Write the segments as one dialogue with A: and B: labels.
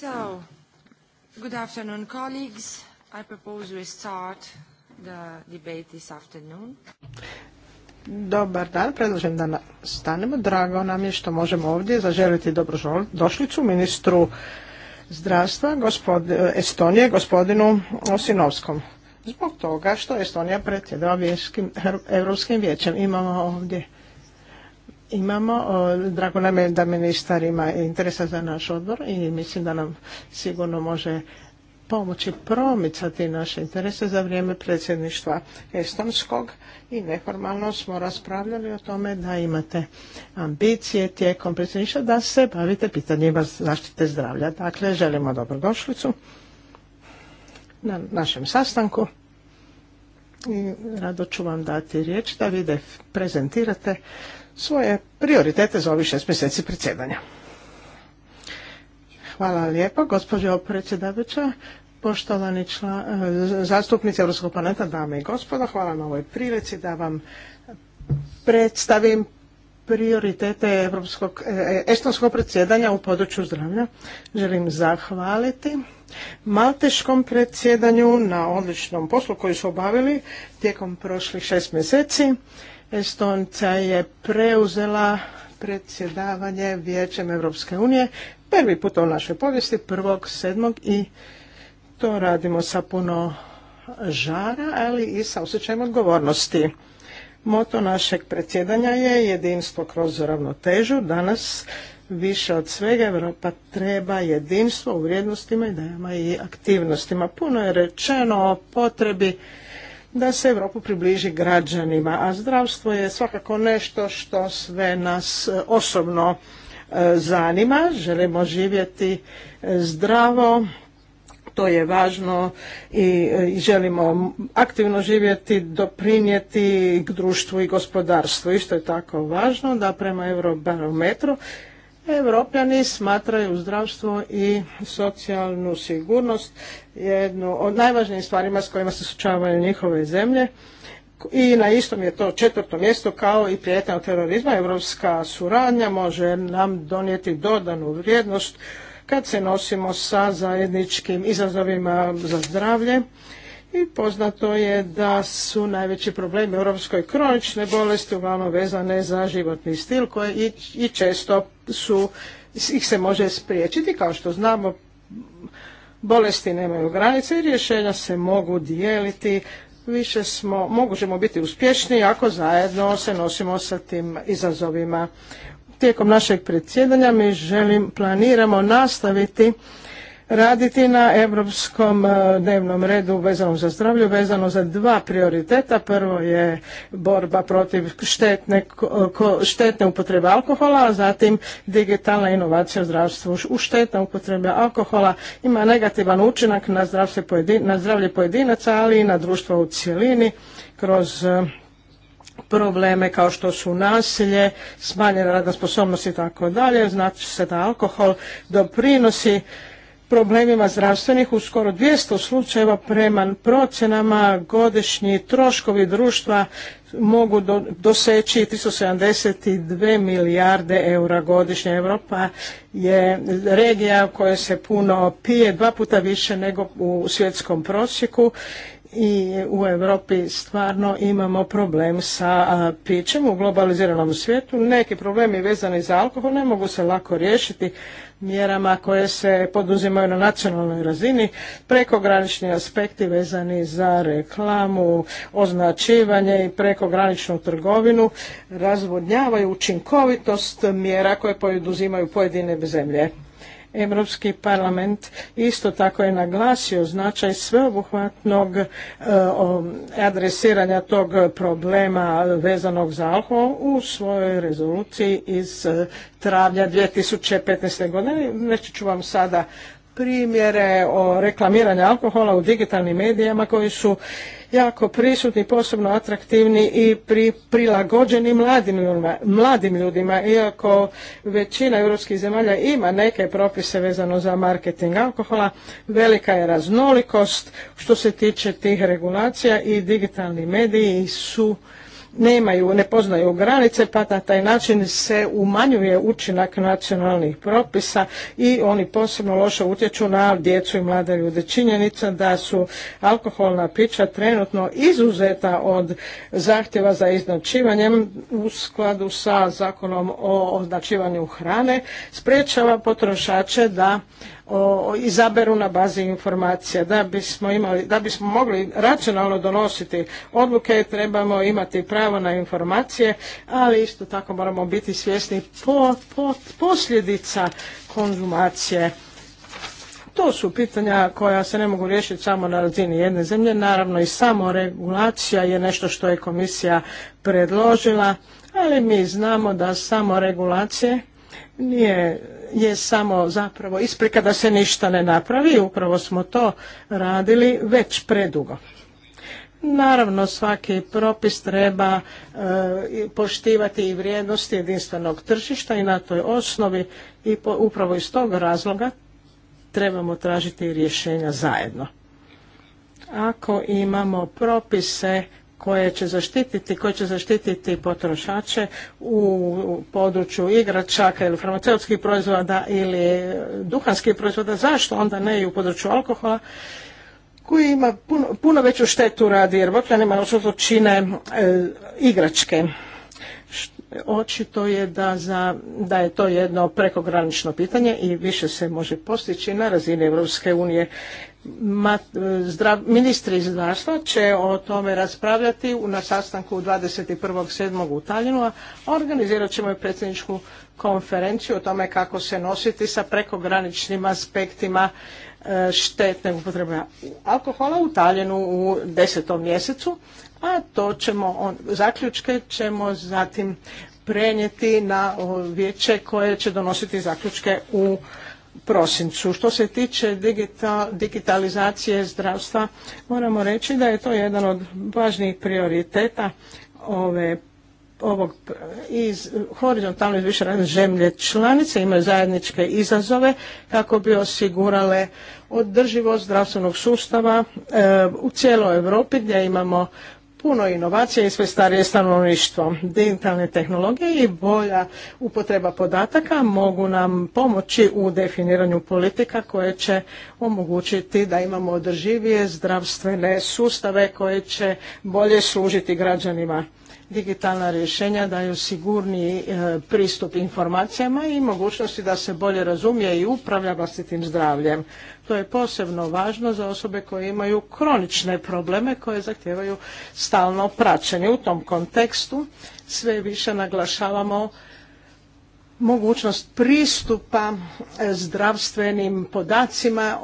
A: So, good afternoon, colleagues. I propose we start the debate this afternoon.
B: Dobar dan, predlažem da stanemo. Drago nam je što možemo ovdje zaželiti došlicu ministru zdravstva eh, Estonije, gospodinu Osinovskom. Zbog toga što Estonija predsjedava Evropskim vijećem. Imamo ovdje imamo. Drago nam je da ministar ima interesa za naš odbor i mislim da nam sigurno može pomoći promicati naše interese za vrijeme predsjedništva Estonskog i neformalno smo raspravljali o tome da imate ambicije tijekom predsjedništva da se bavite pitanjima zaštite zdravlja. Dakle, želimo dobrodošlicu na našem sastanku i rado ću vam dati riječ da vi prezentirate svoje prioritete za ovih šest mjeseci predsjedanja. Hvala lijepo, gospođo predsjedavajuća, poštovani e, zastupnici Europskog parlamenta, dame i gospodo, hvala na ovoj prilici da vam predstavim prioritete e, e, estonskog predsjedanja u području zdravlja. Želim zahvaliti malteškom predsjedanju na odličnom poslu koji su obavili tijekom prošlih šest mjeseci Estonca je preuzela predsjedavanje Vijećem Europske unije prvi put u našoj povijesti, sedmog i to radimo sa puno žara, ali i sa osjećajem odgovornosti. Moto našeg predsjedanja je jedinstvo kroz ravnotežu. Danas više od svega Europa treba jedinstvo u vrijednostima, idejama i aktivnostima. Puno je rečeno o potrebi da se Europu približi građanima, a zdravstvo je svakako nešto što sve nas e, osobno e, zanima, želimo živjeti e, zdravo, to je važno i želimo aktivno živjeti, doprinijeti društvu i gospodarstvu. Isto je tako važno da prema Eurobarometru Evropljani smatraju zdravstvo i socijalnu sigurnost jednu od najvažnijih stvarima s kojima se sučavaju njihove zemlje i na istom je to četvrto mjesto kao i prijetnja od terorizma. Evropska suradnja može nam donijeti dodanu vrijednost kad se nosimo sa zajedničkim izazovima za zdravlje i poznato je da su najveći problemi u Europskoj kronične bolesti uglavnom vezane za životni stil koje i, često su, ih se može spriječiti. Kao što znamo, bolesti nemaju granice i rješenja se mogu dijeliti. Više smo, možemo biti uspješni ako zajedno se nosimo sa tim izazovima. Tijekom našeg predsjedanja mi želim, planiramo nastaviti raditi na europskom e, dnevnom redu vezanom za zdravlju vezano za dva prioriteta. Prvo je borba protiv štetne, štetne upotrebe alkohola, a zatim digitalna inovacija u zdravstvu. U štetne upotrebe alkohola ima negativan učinak na, na zdravlje pojedinaca, ali i na društvo u cjelini kroz e, probleme kao što su nasilje, smanjena radna sposobnost i tako dalje. Znači se da alkohol doprinosi problemima zdravstvenih u skoro 200 slučajeva prema procenama godišnji troškovi društva mogu doseći 372 milijarde eura godišnje. Europa je regija koja se puno pije dva puta više nego u svjetskom prosjeku i u Europi stvarno imamo problem sa pićem u globaliziranom svijetu. Neki problemi vezani za alkohol ne mogu se lako riješiti mjerama koje se poduzimaju na nacionalnoj razini, prekogranični aspekti vezani za reklamu, označivanje i prekograničnu trgovinu razvodnjavaju učinkovitost mjera koje poduzimaju pojedine zemlje. Europski parlament isto tako je naglasio značaj sveobuhvatnog e, adresiranja tog problema vezanog za alkohol u svojoj rezoluciji iz e, travnja 2015. godine. Reći ću vam sada primjere o reklamiranju alkohola u digitalnim medijama koji su jako prisutni, posebno atraktivni i prilagođeni mladim ljudima, mladim ljudima, iako većina europskih zemalja ima neke propise vezano za marketing alkohola, velika je raznolikost što se tiče tih regulacija i digitalni mediji su nemaju, ne poznaju granice pa na taj način se umanjuje učinak nacionalnih propisa i oni posebno loše utječu na djecu i mlade ljude. Činjenica da su alkoholna pića trenutno izuzeta od zahtjeva za iznačivanjem u skladu sa zakonom o označivanju hrane sprečava potrošače da o, izaberu na bazi informacija. Da bismo, imali, da bismo mogli racionalno donositi odluke, trebamo imati pravo na informacije, ali isto tako moramo biti svjesni po, po, posljedica konzumacije. To su pitanja koja se ne mogu riješiti samo na razini jedne zemlje. Naravno i samo regulacija je nešto što je komisija predložila, ali mi znamo da samo regulacije nije je samo zapravo isprika da se ništa ne napravi, upravo smo to radili već predugo. Naravno svaki propis treba e, poštivati i vrijednosti jedinstvenog tržišta i na toj osnovi i upravo iz tog razloga trebamo tražiti rješenja zajedno. Ako imamo propise koje će zaštititi, koje će zaštititi potrošače u području igračaka ili farmaceutskih proizvoda ili duhanskih proizvoda, zašto onda ne i u području alkohola koji ima puno, veću štetu radi jer botljanima očito čine e, igračke. Očito je da, za, da je to jedno prekogranično pitanje i više se može postići na razini Europske unije ministri zdravstva će o tome raspravljati na sastanku 21.7. u Taljinu, a organizirat ćemo i predsjedničku konferenciju o tome kako se nositi sa prekograničnim aspektima e, štetne upotrebe alkohola u Taljinu u desetom mjesecu, a to ćemo, zaključke ćemo zatim prenijeti na vijeće koje će donositi zaključke u prosincu. Što se tiče digitalizacije zdravstva, moramo reći da je to jedan od važnijih prioriteta ove ovog iz horizontalno iz više razne zemlje članice imaju zajedničke izazove kako bi osigurale održivost zdravstvenog sustava e, u cijeloj Europi gdje imamo puno inovacija i sve starije stanovništvo. Digitalne tehnologije i bolja upotreba podataka mogu nam pomoći u definiranju politika koje će omogućiti da imamo održivije zdravstvene sustave koje će bolje služiti građanima. Digitalna rješenja daju sigurniji e, pristup informacijama i mogućnosti da se bolje razumije i upravlja vlastitim zdravljem. To je posebno važno za osobe koje imaju kronične probleme koje zahtijevaju stalno praćenje. U tom kontekstu sve više naglašavamo mogućnost pristupa e, zdravstvenim podacima e,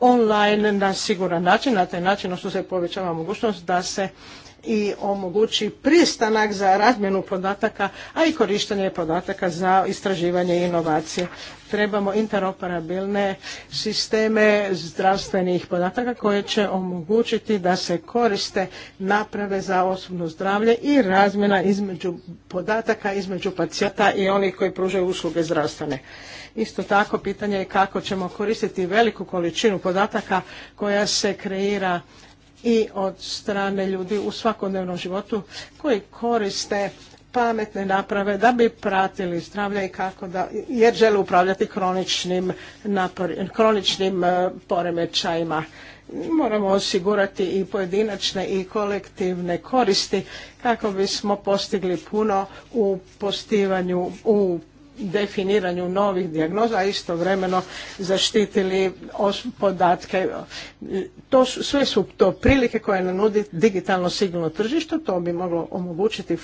B: online na siguran način. Na taj način što se povećava mogućnost da se i omogući pristanak za razmjenu podataka, a i korištenje podataka za istraživanje i inovacije. Trebamo interoperabilne sisteme zdravstvenih podataka koje će omogućiti da se koriste naprave za osobno zdravlje i razmjena između podataka između pacijenta i onih koji pružaju usluge zdravstvene. Isto tako pitanje je kako ćemo koristiti veliku količinu podataka koja se kreira i od strane ljudi u svakodnevnom životu koji koriste pametne naprave da bi pratili zdravlje i kako da, jer žele upravljati kroničnim, napor, kroničnim e, poremećajima. Moramo osigurati i pojedinačne i kolektivne koristi kako bismo postigli puno u postivanju, u definiranju novih dijagnoza, a istovremeno zaštitili podatke. To sve su to prilike koje nam nudi digitalno sigurno tržište, to bi moglo omogućiti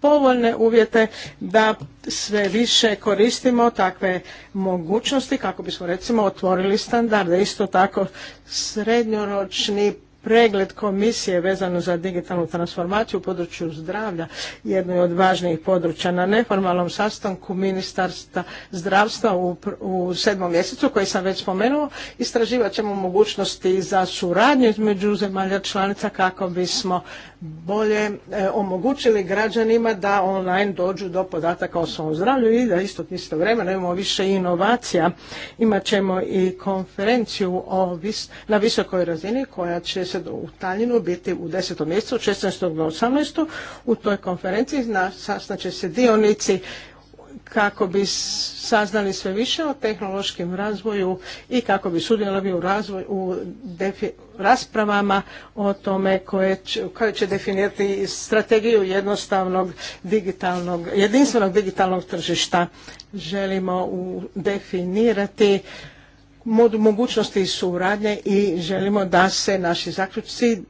B: povoljne uvjete da sve više koristimo takve mogućnosti kako bismo recimo otvorili standarde. Isto tako srednjoročni pregled komisije vezano za digitalnu transformaciju u području zdravlja, jedno je od važnijih područja. Na neformalnom sastanku ministarstva zdravstva u, u sedmom mjesecu, koji sam već spomenuo, istraživat ćemo mogućnosti za suradnju između zemalja članica kako bismo bolje e, omogućili građanima da online dođu do podataka o svom zdravlju i da isto isto vremena imamo više inovacija. Imat ćemo i konferenciju o vis, na visokoj razini koja će se u Taljinu biti u 10. mjesecu, 16. do 18. U toj konferenciji sasnaće se dionici kako bi saznali sve više o tehnološkim razvoju i kako bi sudjelovali u, razvoj, u raspravama o tome koje će, koje će definirati strategiju jednostavnog digitalnog, jedinstvenog digitalnog tržišta. Želimo definirati mogućnosti suradnje i želimo da se naši zaključci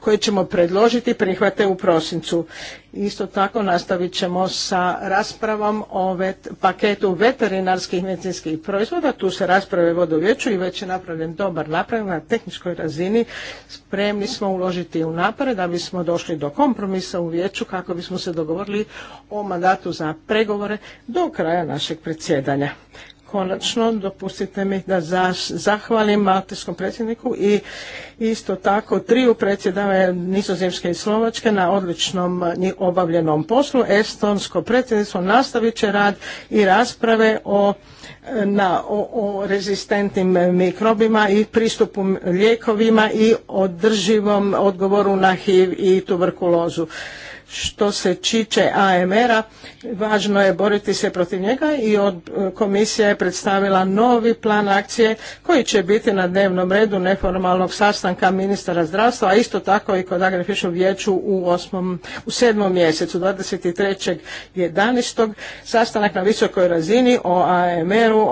B: koje ćemo predložiti prihvate u prosincu. Isto tako nastavit ćemo sa raspravom o paketu veterinarskih medicinskih proizvoda. Tu se rasprave vode u vijeću i već je napravljen dobar napravljen na tehničkoj razini. Spremni smo uložiti u napore da bismo došli do kompromisa u vijeću kako bismo se dogovorili o mandatu za pregovore do kraja našeg predsjedanja. Konačno, dopustite mi da zahvalim Maltijskom predsjedniku i isto tako triju predsjedave Nizozemske i Slovačke na odličnom obavljenom poslu. Estonsko predsjedništvo nastavit će rad i rasprave o, na, o, o rezistentnim mikrobima i pristupu lijekovima i održivom odgovoru na HIV i tuberkulozu što se čiče AMR-a, važno je boriti se protiv njega i od e, komisija je predstavila novi plan akcije koji će biti na dnevnom redu neformalnog sastanka ministara zdravstva, a isto tako i kod Agrafišu vijeću u, osmom, u sedmom mjesecu 23.11. sastanak na visokoj razini o AMR-u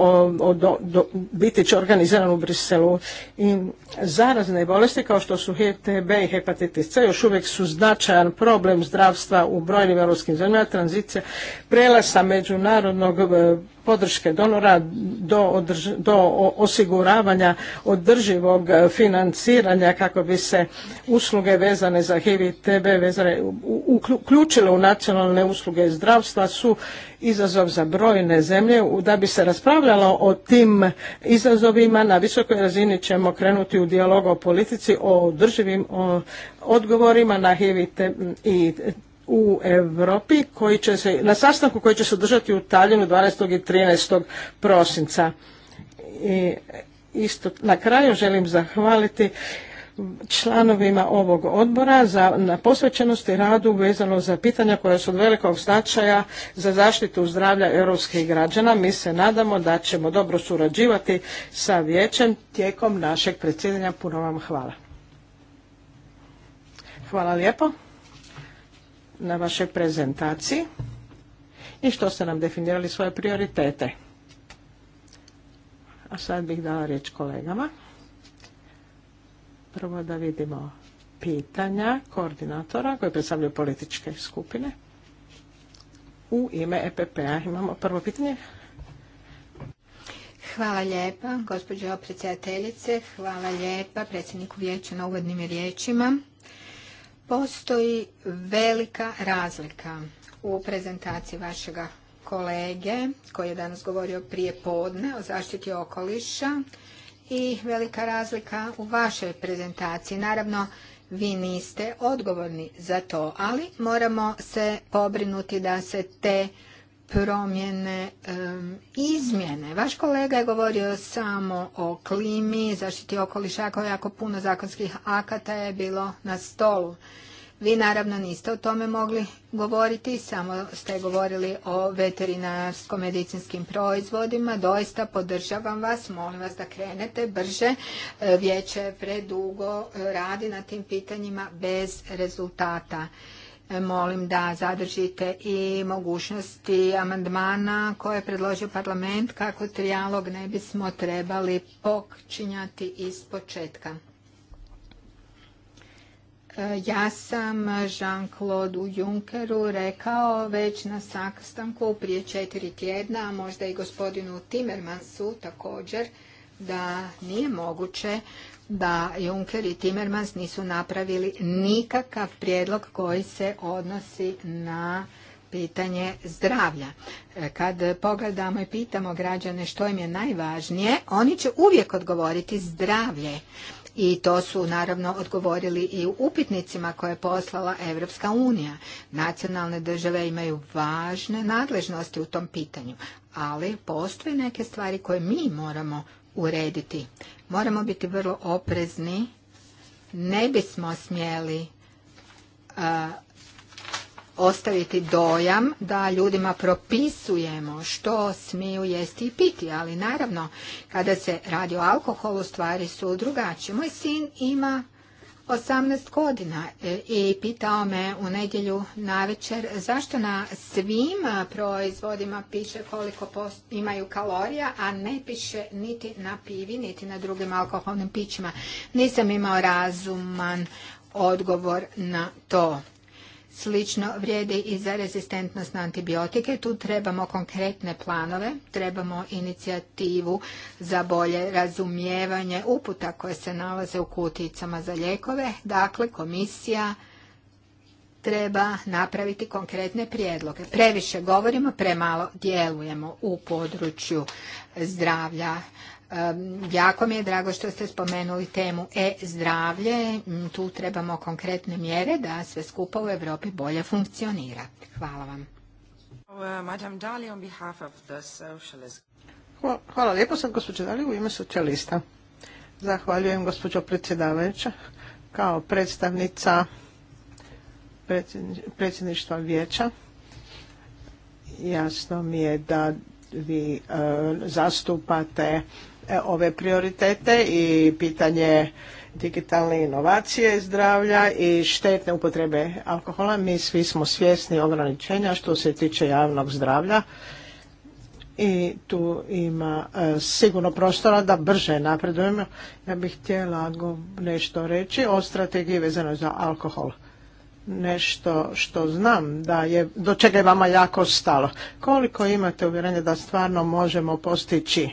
B: biti će organiziran u Briselu i zarazne bolesti kao što su HTB i hepatitis C još uvijek su značajan problem zdravstva zakonodavstva u brojnim europskim zemljama, tranzicija, prelasa međunarodnog e, podrške donora do, osiguravanja održivog e, financiranja kako bi se usluge vezane za HIV i TB uključile u nacionalne usluge zdravstva su izazov za brojne zemlje. Da bi se raspravljalo o tim izazovima na visokoj razini ćemo krenuti u dijalog o politici, o održivim odgovorima na HIV i u Europi koji će se, na sastanku koji će se održati u Taljinu 12. i 13. prosinca. I isto na kraju želim zahvaliti članovima ovog odbora za, na posvećenosti radu vezano za pitanja koja su od velikog značaja za zaštitu zdravlja europskih građana. Mi se nadamo da ćemo dobro surađivati sa vijećem tijekom našeg predsjedanja. Puno vam hvala. Hvala lijepo na vašoj prezentaciji i što ste nam definirali svoje prioritete. A sad bih dala riječ kolegama. Prvo da vidimo pitanja koordinatora koje predstavljaju političke skupine. U ime EPP-a imamo prvo pitanje.
A: Hvala lijepa, gospođo predsjedateljice. Hvala lijepa predsjedniku vijeća na uvodnim riječima. Postoji velika razlika u prezentaciji vašega kolege koji je danas govorio prije podne o zaštiti okoliša i velika razlika u vašoj prezentaciji. Naravno, vi niste odgovorni za to, ali moramo se pobrinuti da se te promjene izmjene. Vaš kolega je govorio samo o klimi, zaštiti okoliša, kao jako puno zakonskih akata je bilo na stolu. Vi naravno niste o tome mogli govoriti, samo ste govorili o veterinarsko-medicinskim proizvodima. Doista podržavam vas, molim vas da krenete brže. Vijeće predugo radi na tim pitanjima bez rezultata molim da zadržite i mogućnosti amandmana koje je predložio parlament kako trijalog ne bismo trebali pokčinjati iz početka. E, ja sam Jean-Claude Junckeru rekao već na sastanku prije četiri tjedna, a možda i gospodinu Timmermansu također, da nije moguće da Juncker i Timmermans nisu napravili nikakav prijedlog koji se odnosi na pitanje zdravlja. E, kad pogledamo i pitamo građane što im je najvažnije, oni će uvijek odgovoriti zdravlje. I to su naravno odgovorili i u upitnicima koje je poslala Evropska unija. Nacionalne države imaju važne nadležnosti u tom pitanju, ali postoje neke stvari koje mi moramo urediti. Moramo biti vrlo oprezni. Ne bismo smjeli ostaviti dojam da ljudima propisujemo što smiju jesti i piti, ali naravno kada se radi o alkoholu stvari su drugačije. Moj sin ima 18 godina e, i pitao me u nedjelju večer zašto na svim proizvodima piše koliko imaju kalorija, a ne piše niti na pivi, niti na drugim alkoholnim pićima. Nisam imao razuman odgovor na to. Slično vrijedi i za rezistentnost na antibiotike. Tu trebamo konkretne planove, trebamo inicijativu za bolje razumijevanje uputa koje se nalaze u kuticama za lijekove. Dakle, komisija treba napraviti konkretne prijedloge. Previše govorimo, premalo djelujemo u području zdravlja Jako mi je drago što ste spomenuli temu e-zdravlje. Mm, tu trebamo konkretne mjere da sve skupa u Europi bolje
B: funkcionira. Hvala vam. Uh, hvala, lijepo sad gospođo Dali u ime socijalista. Zahvaljujem gospođo predsjedavajuća kao predstavnica predsjedništva vijeća. Jasno mi je da vi eh, zastupate E, ove prioritete i pitanje digitalne inovacije zdravlja i štetne upotrebe alkohola. Mi svi smo svjesni ograničenja što se tiče javnog zdravlja i tu ima e, sigurno prostora da brže napredujemo. Ja bih htjela nešto reći o strategiji vezanoj za alkohol. Nešto što znam da je, do čega je vama jako stalo. Koliko imate uvjerenja da stvarno možemo postići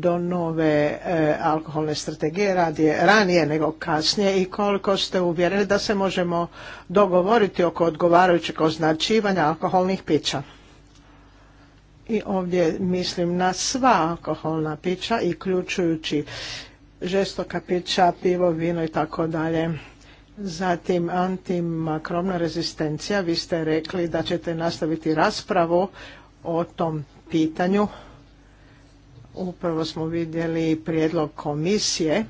B: do nove e, alkoholne strategije radije, ranije nego kasnije i koliko ste uvjereni da se možemo dogovoriti oko odgovarajućeg označivanja alkoholnih pića. I ovdje mislim na sva alkoholna pića i ključujući žestoka pića, pivo, vino i tako dalje. Zatim antimakrobna rezistencija. Vi ste rekli da ćete nastaviti raspravu o tom pitanju Upravo smo vidjeli prijedlog komisije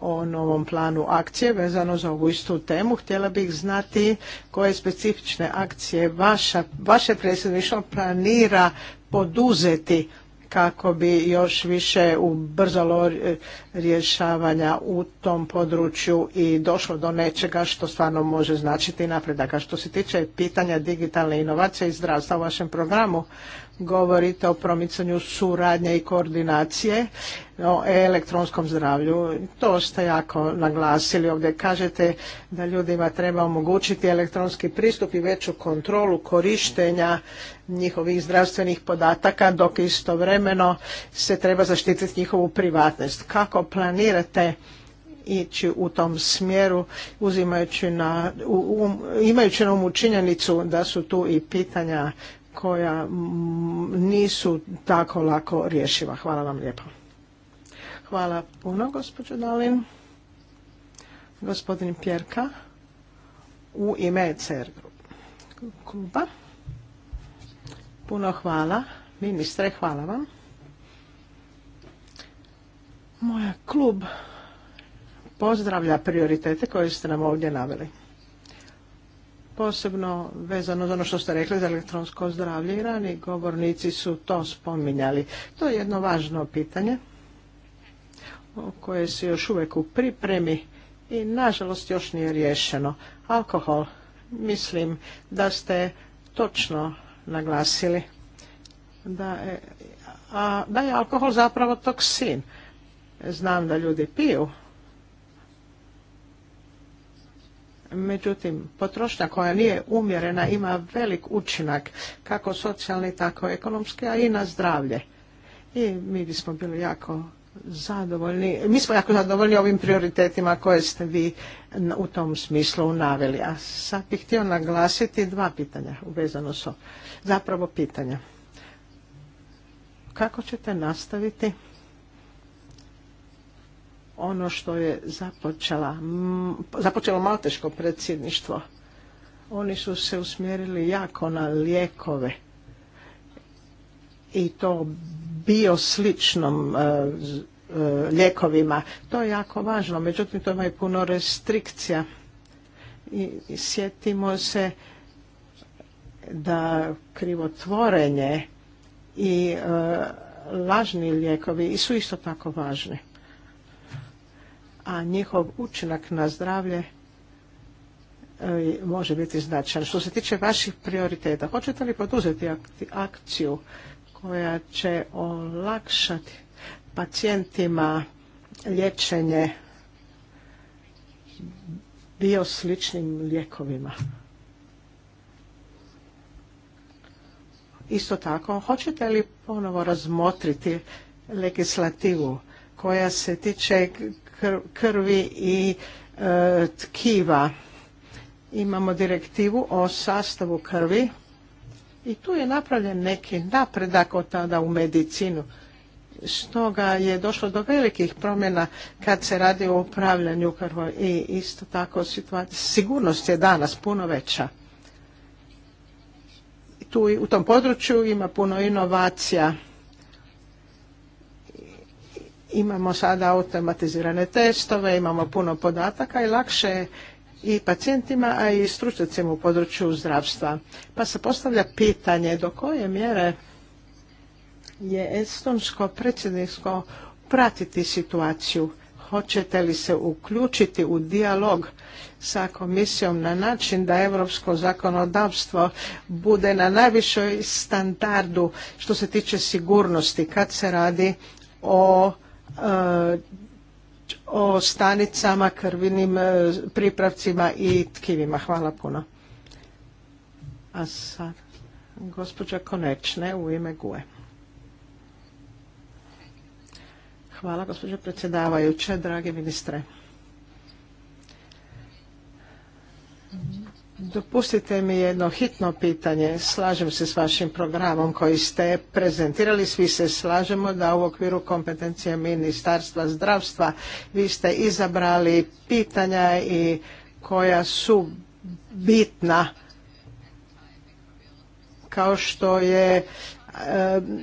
B: o novom planu akcije vezano za ovu istu temu. Htjela bih znati koje specifične akcije vaša, vaše predsjedništvo planira poduzeti kako bi još više ubrzalo rješavanja u tom području i došlo do nečega što stvarno može značiti napredak. A što se tiče pitanja digitalne inovacije i zdravstva u vašem programu, govorite o promicanju suradnje i koordinacije o elektronskom zdravlju. To ste jako naglasili ovdje. Kažete da ljudima treba omogućiti elektronski pristup i veću kontrolu korištenja njihovih zdravstvenih podataka dok istovremeno se treba zaštititi njihovu privatnost. Kako planirate ići u tom smjeru uzimajući na, imajući na umu činjenicu da su tu i pitanja koja nisu tako lako rješiva. Hvala vam lijepo. Hvala puno, gospođo Dalin. Gospodin Pjerka u ime ECR kluba. Puno hvala. Ministre, hvala vam. Moja klub pozdravlja prioritete koje ste nam ovdje naveli posebno vezano za ono što ste rekli za elektronsko zdravlje i rani govornici su to spominjali. To je jedno važno pitanje koje se još uvijek u pripremi i nažalost još nije riješeno. Alkohol, mislim da ste točno naglasili da je, a, da je alkohol zapravo toksin. Znam da ljudi piju Međutim, potrošnja koja nije umjerena ima velik učinak, kako socijalni, tako ekonomski, a i na zdravlje. I mi bismo bili jako zadovoljni, mi smo jako zadovoljni ovim prioritetima koje ste vi u tom smislu naveli. A sad bih htio naglasiti dva pitanja uvezano su, zapravo pitanja. Kako ćete nastaviti ono što je započela, započelo malteško predsjedništvo. Oni su se usmjerili jako na lijekove i to bio sličnom e, e, lijekovima. To je jako važno, međutim to ima i puno restrikcija. I, sjetimo se da krivotvorenje i e, lažni lijekovi su isto tako važni a njihov učinak na zdravlje e, može biti značajan. Što se tiče vaših prioriteta, hoćete li poduzeti akciju koja će olakšati pacijentima liječenje sličnim lijekovima? Isto tako, hoćete li ponovo razmotriti legislativu koja se tiče krvi i e, tkiva. Imamo direktivu o sastavu krvi i tu je napravljen neki napredak od tada u medicinu. Stoga je došlo do velikih promjena kad se radi o upravljanju krvo i isto tako situacija. Sigurnost je danas puno veća. Tu, u tom području ima puno inovacija Imamo sada automatizirane testove, imamo puno podataka i lakše je i pacijentima, a i stručnjacima u području zdravstva. Pa se postavlja pitanje do koje mjere je estonsko predsjedništvo pratiti situaciju. Hoćete li se uključiti u dijalog sa komisijom na način da europsko zakonodavstvo bude na najvišoj standardu što se tiče sigurnosti kad se radi o E, o stanicama, krvinim e, pripravcima i tkivima. Hvala puno. A sad, gospođa Konečne u ime GUE. Hvala, gospođo predsjedavajuće, dragi ministre. Dopustite mi jedno hitno pitanje. Slažem se s vašim programom koji ste prezentirali. Svi se slažemo da u okviru kompetencije Ministarstva zdravstva vi ste izabrali pitanja i koja su bitna kao što je eh,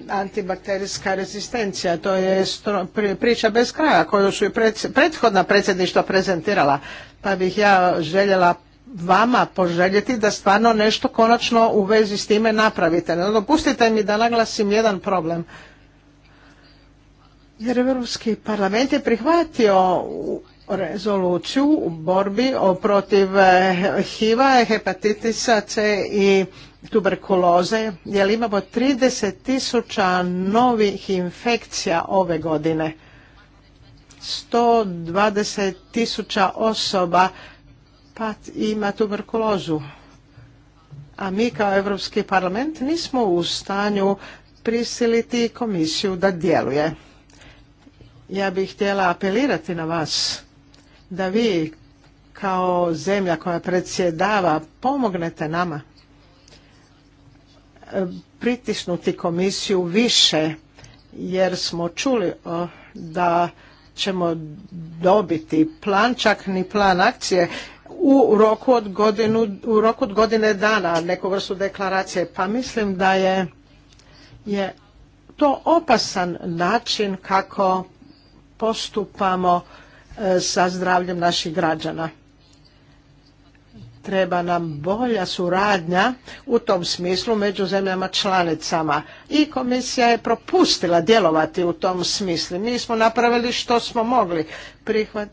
B: antibakterijska rezistencija. To je priča bez kraja koju su i prethodna predsjedništva prezentirala. Pa bih ja željela vama poželjeti da stvarno nešto konačno u vezi s time napravite. No, dopustite mi da naglasim jedan problem. Jer Europski parlament je prihvatio rezoluciju u borbi protiv eh, HIV-a, hepatitisa C i tuberkuloze, jer imamo 30 tisuća novih infekcija ove godine. 120 tisuća osoba pa ima tuberkulozu. A mi kao Europski parlament nismo u stanju prisiliti komisiju da djeluje. Ja bih htjela apelirati na vas da vi kao zemlja koja predsjedava pomognete nama e, pritisnuti komisiju više jer smo čuli da ćemo dobiti plan, čak ni plan akcije u roku od, godinu, u roku od godine dana neku vrstu deklaracije. Pa mislim da je, je to opasan način kako postupamo e, sa zdravljem naših građana. Treba nam bolja suradnja u tom smislu među zemljama članicama. I komisija je propustila djelovati u tom smislu. Mi smo napravili što smo mogli. Prihvat,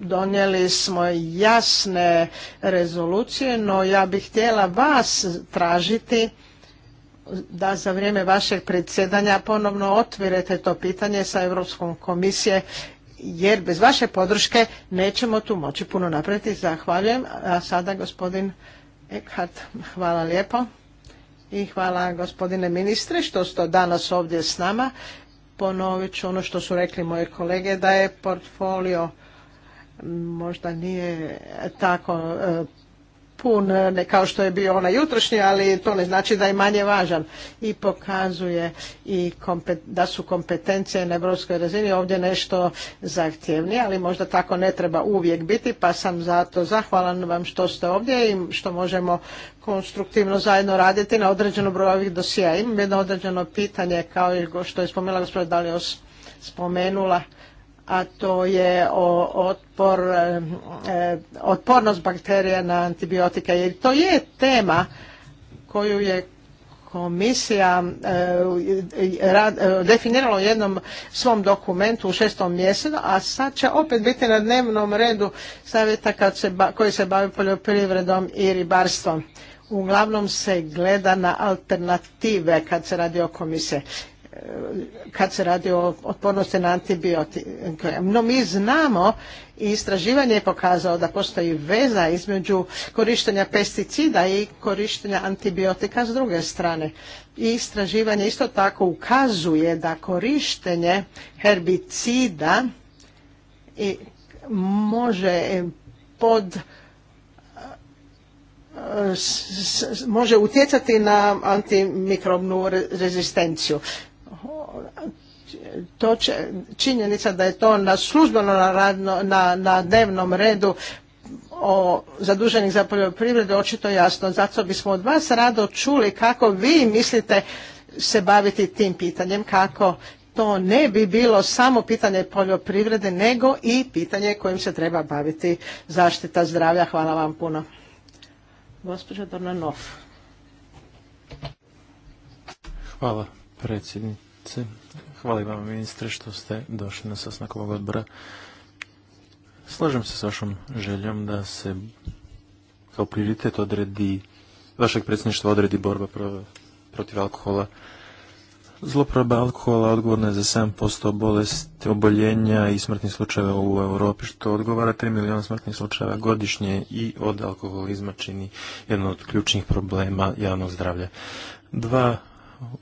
B: donijeli smo jasne rezolucije, no ja bih htjela vas tražiti da za vrijeme vašeg predsjedanja ponovno otvirete to pitanje sa Europskom komisije jer bez vaše podrške nećemo tu moći puno napraviti. Zahvaljujem. A sada gospodin Eckhart, hvala lijepo. I hvala gospodine ministre što ste danas ovdje s nama. Ponovit ću ono što su rekli moje kolege da je portfolio možda nije tako e, pun ne kao što je bio onaj jutrošnji, ali to ne znači da je manje važan i pokazuje i da su kompetencije na europskoj razini ovdje nešto zahtjevnije, ali možda tako ne treba uvijek biti, pa sam zato zahvalan vam što ste ovdje i što možemo konstruktivno zajedno raditi na određenom broju ovih dosija. Imam jedno određeno pitanje kao što je spomenula gospođa Dalios spomenula a to je otpor, e, e, otpornost bakterija na antibiotika. Jer to je tema koju je komisija e, definirala u jednom svom dokumentu u šestom mjesecu, a sad će opet biti na dnevnom redu savjeta koji se bavi poljoprivredom i ribarstvom uglavnom se gleda na alternative kad se radi o komisije kad se radi o otpornosti na antibiotike. No mi znamo i istraživanje je pokazao da postoji veza između korištenja pesticida i korištenja antibiotika s druge strane. I istraživanje isto tako ukazuje da korištenje herbicida može pod može utjecati na antimikrobnu rezistenciju to će, činjenica da je to na službeno na, radno, na, dnevnom redu o zaduženih za poljoprivredu očito jasno. Zato bismo od vas rado čuli kako vi mislite se baviti tim pitanjem, kako to ne bi bilo samo pitanje poljoprivrede, nego i pitanje kojim se treba baviti zaštita zdravlja. Hvala vam puno. Gospođa Dornanov.
C: Hvala predsjednik Hvala vam ministre što ste došli na sasnak ovog odbora. Slažem se s vašom željom da se kao prioritet odredi, vašeg predsjedništva odredi borba protiv alkohola. Zloproba alkohola odgovorna je za 7% bolesti, oboljenja i smrtnih slučajeva u Europi, što odgovara 3 milijuna smrtnih slučajeva godišnje i od alkoholizma čini jedan od ključnih problema javnog zdravlja. Dva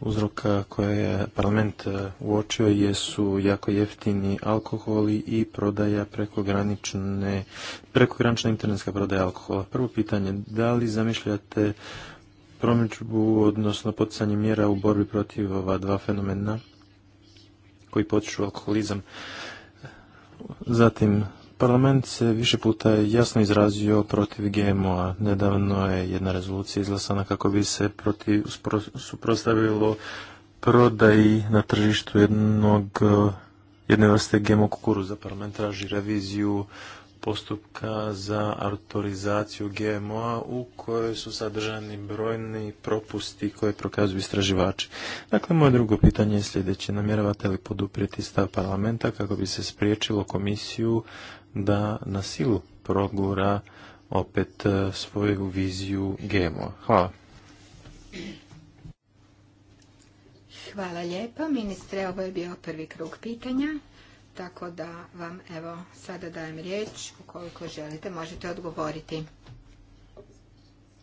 C: uzroka koje je parlament e, uočio jesu jako jeftini alkoholi i prodaja prekogranične, prekogranična internetska prodaja alkohola. Prvo pitanje, da li zamišljate promičbu, odnosno poticanje mjera u borbi protiv ova dva fenomena koji potiču alkoholizam? Zatim, Parlament se više puta jasno izrazio protiv GMO-a. Nedavno je jedna rezolucija izglasana kako bi se protiv, suprostavilo prodaji na tržištu jednog, jedne vrste GMO Za Parlament traži reviziju postupka za autorizaciju GMO-a u kojoj su sadržani brojni propusti koje prokazuju istraživači. Dakle, moje drugo pitanje je sljedeće. Namjeravate li poduprijeti stav parlamenta kako bi se spriječilo komisiju da na silu progura opet e, svoju viziju GMO. Hvala.
A: Hvala lijepa. Ministre, ovo je bio prvi krug pitanja, tako da vam evo sada dajem riječ. Ukoliko želite, možete odgovoriti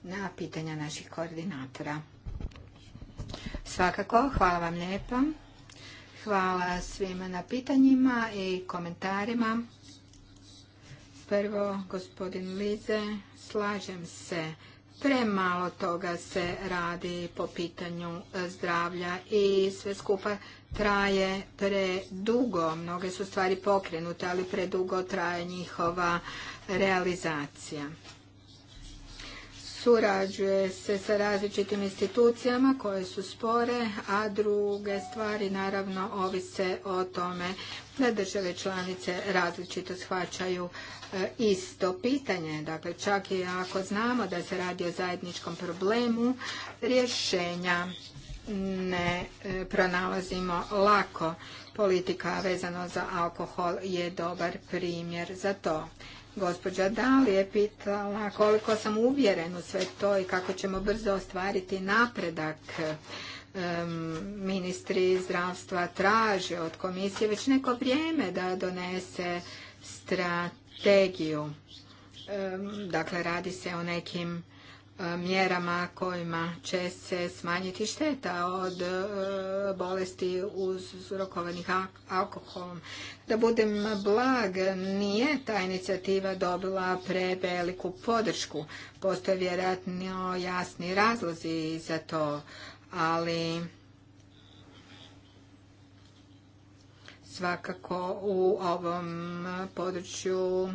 A: na pitanja naših koordinatora. Svakako, hvala vam lijepa. Hvala svima na pitanjima i komentarima. Prvo, gospodin Lize, slažem se. Premalo toga se radi po pitanju e, zdravlja i sve skupa traje predugo. Mnoge su stvari pokrenute, ali predugo traje njihova realizacija. Surađuje se sa različitim institucijama koje su spore, a druge stvari naravno ovise o tome da države članice različito shvaćaju E, isto pitanje. Dakle, čak i ako znamo da se radi o zajedničkom problemu, rješenja ne e, pronalazimo lako. Politika vezano za alkohol je dobar primjer za to. Gospođa Dali je pitala koliko sam uvjeren u sve to i kako ćemo brzo ostvariti napredak. ministri zdravstva traže od komisije već neko vrijeme da donese strategiju strategiju. Dakle, radi se o nekim mjerama kojima će se smanjiti šteta od e, bolesti uzrokovanih alkoholom. Da budem blag, nije ta inicijativa dobila preveliku podršku. Postoje vjerojatno jasni razlozi za to, ali Svakako u ovom području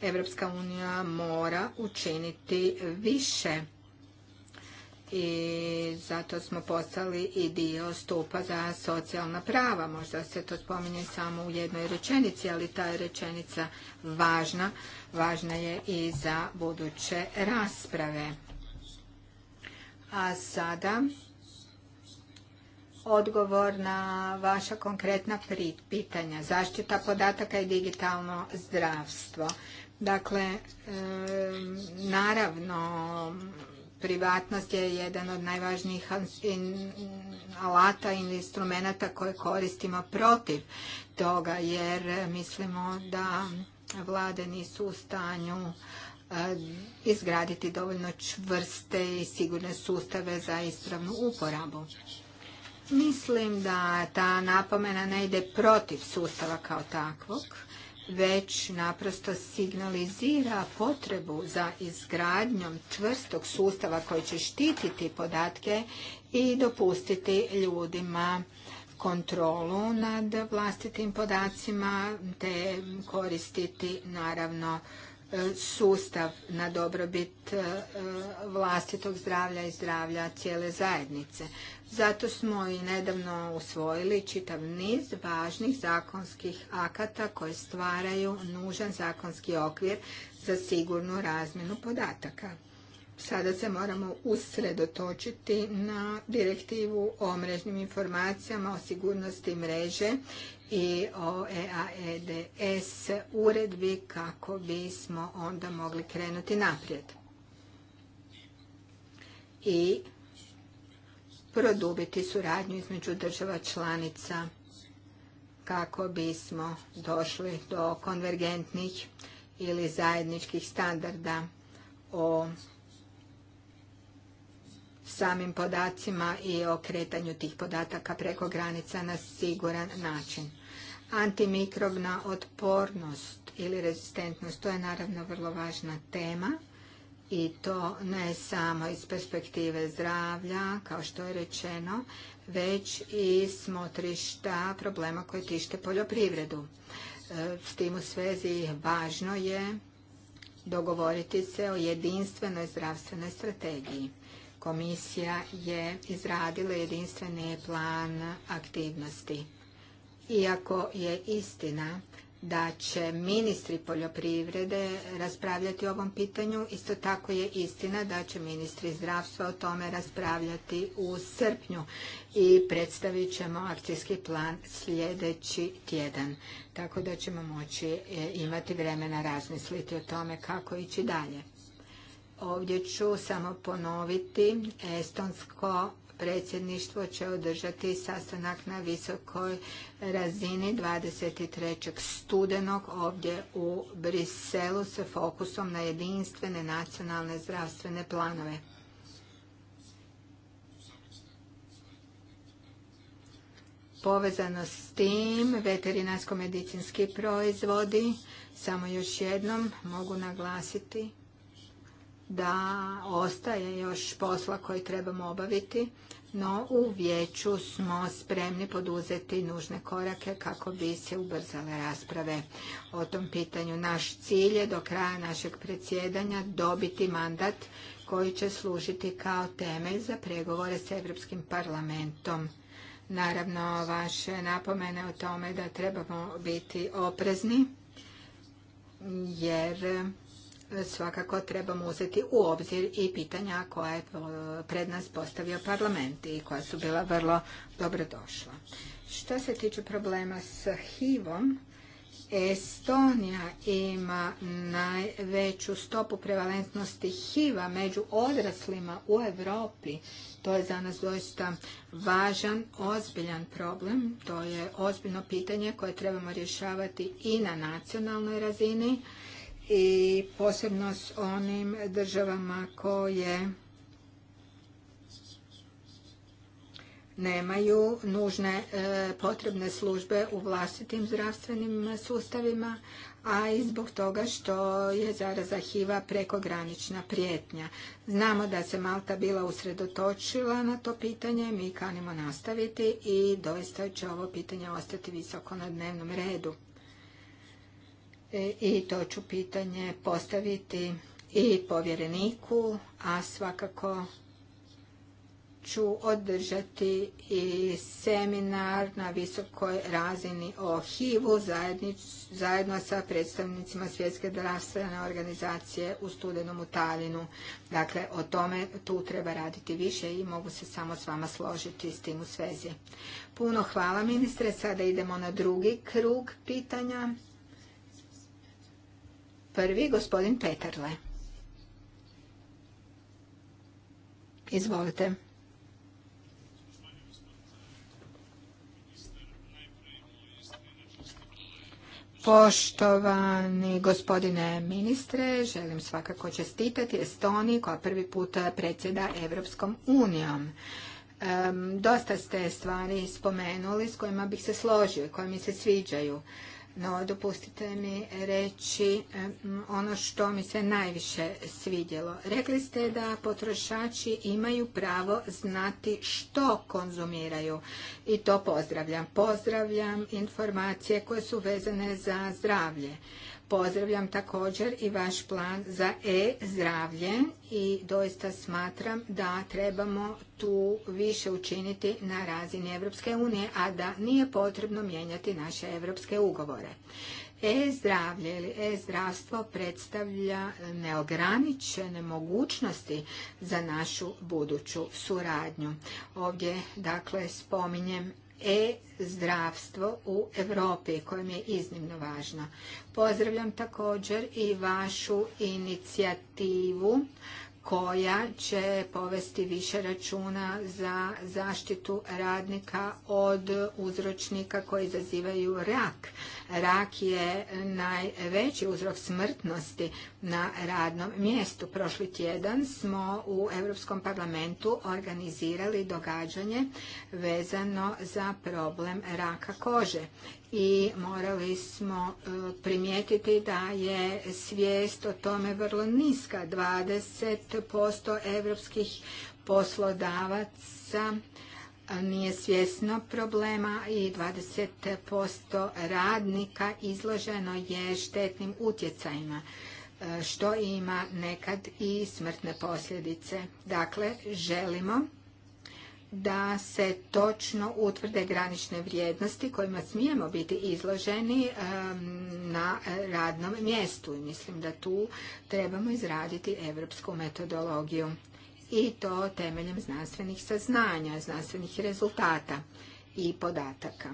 A: Evropska unija mora učiniti više i zato smo postali i dio stupa za socijalna prava. Možda se to spominje samo u jednoj rečenici, ali ta je rečenica važna. Važna je i za buduće rasprave. A sada odgovor na vaša konkretna pitanja. Zaštita podataka i digitalno zdravstvo. Dakle, naravno, privatnost je jedan od najvažnijih alata i instrumenta koje koristimo protiv toga, jer mislimo da vlade nisu u stanju e, izgraditi dovoljno čvrste i sigurne sustave za ispravnu uporabu. Mislim da ta napomena ne ide protiv sustava kao takvog, već naprosto signalizira potrebu za izgradnjom čvrstog sustava koji će štititi podatke i dopustiti ljudima kontrolu nad vlastitim podacima te koristiti naravno E, sustav na dobrobit e, vlastitog zdravlja i zdravlja cijele zajednice. Zato smo i nedavno usvojili čitav niz važnih zakonskih akata koji stvaraju nužan zakonski okvir za sigurnu razmjenu podataka. Sada se moramo usredotočiti na direktivu o mrežnim informacijama, o sigurnosti mreže i o EAEDS uredbi kako bismo onda mogli krenuti naprijed. I produbiti suradnju između država članica kako bismo došli do konvergentnih ili zajedničkih standarda o samim podacima i o kretanju tih podataka preko granica na siguran način. Antimikrobna otpornost ili rezistentnost, to je naravno vrlo važna tema i to ne samo iz perspektive zdravlja, kao što je rečeno, već i smotrišta problema koje tište poljoprivredu. E, s tim u svezi važno je dogovoriti se o jedinstvenoj zdravstvenoj strategiji komisija je izradila jedinstveni plan aktivnosti. Iako je istina da će ministri poljoprivrede raspravljati o ovom pitanju, isto tako je istina da će ministri zdravstva o tome raspravljati u srpnju i predstavit ćemo akcijski plan sljedeći tjedan. Tako da ćemo moći e, imati vremena razmisliti o tome kako ići dalje. Ovdje ću samo ponoviti, estonsko predsjedništvo će održati sastanak na visokoj razini 23. studenog ovdje u Briselu sa fokusom na jedinstvene nacionalne zdravstvene planove. Povezano s tim, veterinarsko-medicinski proizvodi, samo još jednom mogu naglasiti da ostaje još posla koji trebamo obaviti, no u vijeću smo spremni poduzeti nužne korake kako bi se ubrzale rasprave o tom pitanju. Naš cilj je do kraja našeg predsjedanja dobiti mandat koji će služiti kao temelj za pregovore s Europskim parlamentom. Naravno, vaše napomene o tome da trebamo biti oprezni, jer svakako trebamo uzeti u obzir i pitanja koja je e, pred nas postavio parlament i koja su bila vrlo dobro došla. Što se tiče problema s HIV-om, Estonija ima najveću stopu prevalentnosti HIV-a među odraslima u Europi. To je za nas doista važan, ozbiljan problem. To je ozbiljno pitanje koje trebamo rješavati i na nacionalnoj razini i posebno s onim državama koje nemaju nužne e, potrebne službe u vlastitim zdravstvenim sustavima, a i zbog toga što je zaraza HIV-a prekogranična prijetnja. Znamo da se Malta bila usredotočila na to pitanje, mi kanimo nastaviti i doista će ovo pitanje ostati visoko na dnevnom redu. E, i to ću pitanje postaviti i povjereniku, a svakako ću održati i seminar na visokoj razini o HIV-u zajedno sa predstavnicima Svjetske zdravstvene organizacije u studenom u Talinu. Dakle, o tome tu treba raditi više i mogu se samo s vama složiti s tim u svezi. Puno hvala ministre. Sada idemo na drugi krug pitanja. Prvi, gospodin Peterle. Izvolite. Poštovani gospodine ministre, želim svakako čestitati Estoniji koja prvi puta predsjeda Evropskom unijom. dosta ste stvari spomenuli s kojima bih se složio i koje mi se sviđaju. No, dopustite mi reći ono što mi se najviše svidjelo. Rekli ste da potrošači imaju pravo znati što konzumiraju i to pozdravljam. Pozdravljam informacije koje su vezane za zdravlje. Pozdravljam također i vaš plan za e-zdravlje i doista smatram da trebamo tu više učiniti na razini Evropske unije, a da nije potrebno mijenjati naše evropske ugovore. E-zdravlje ili e-zdravstvo predstavlja neograničene mogućnosti za našu buduću suradnju. Ovdje dakle spominjem e-zdravstvo u Europi mi je iznimno važno. Pozdravljam također i vašu inicijativu koja će povesti više računa za zaštitu radnika od uzročnika koji izazivaju rak. Rak je najveći uzrok smrtnosti na radnom mjestu. Prošli tjedan smo u Europskom parlamentu organizirali događanje vezano za problem raka kože i morali smo e, primijetiti da je svijest o tome vrlo niska. 20% evropskih poslodavaca e, nije svjesno problema i 20% radnika izloženo je štetnim utjecajima e, što ima nekad i smrtne posljedice. Dakle, želimo da se točno utvrde granične vrijednosti kojima smijemo biti izloženi na radnom mjestu i mislim da tu trebamo izraditi evropsku metodologiju i to temeljem znanstvenih saznanja, znanstvenih rezultata i podataka.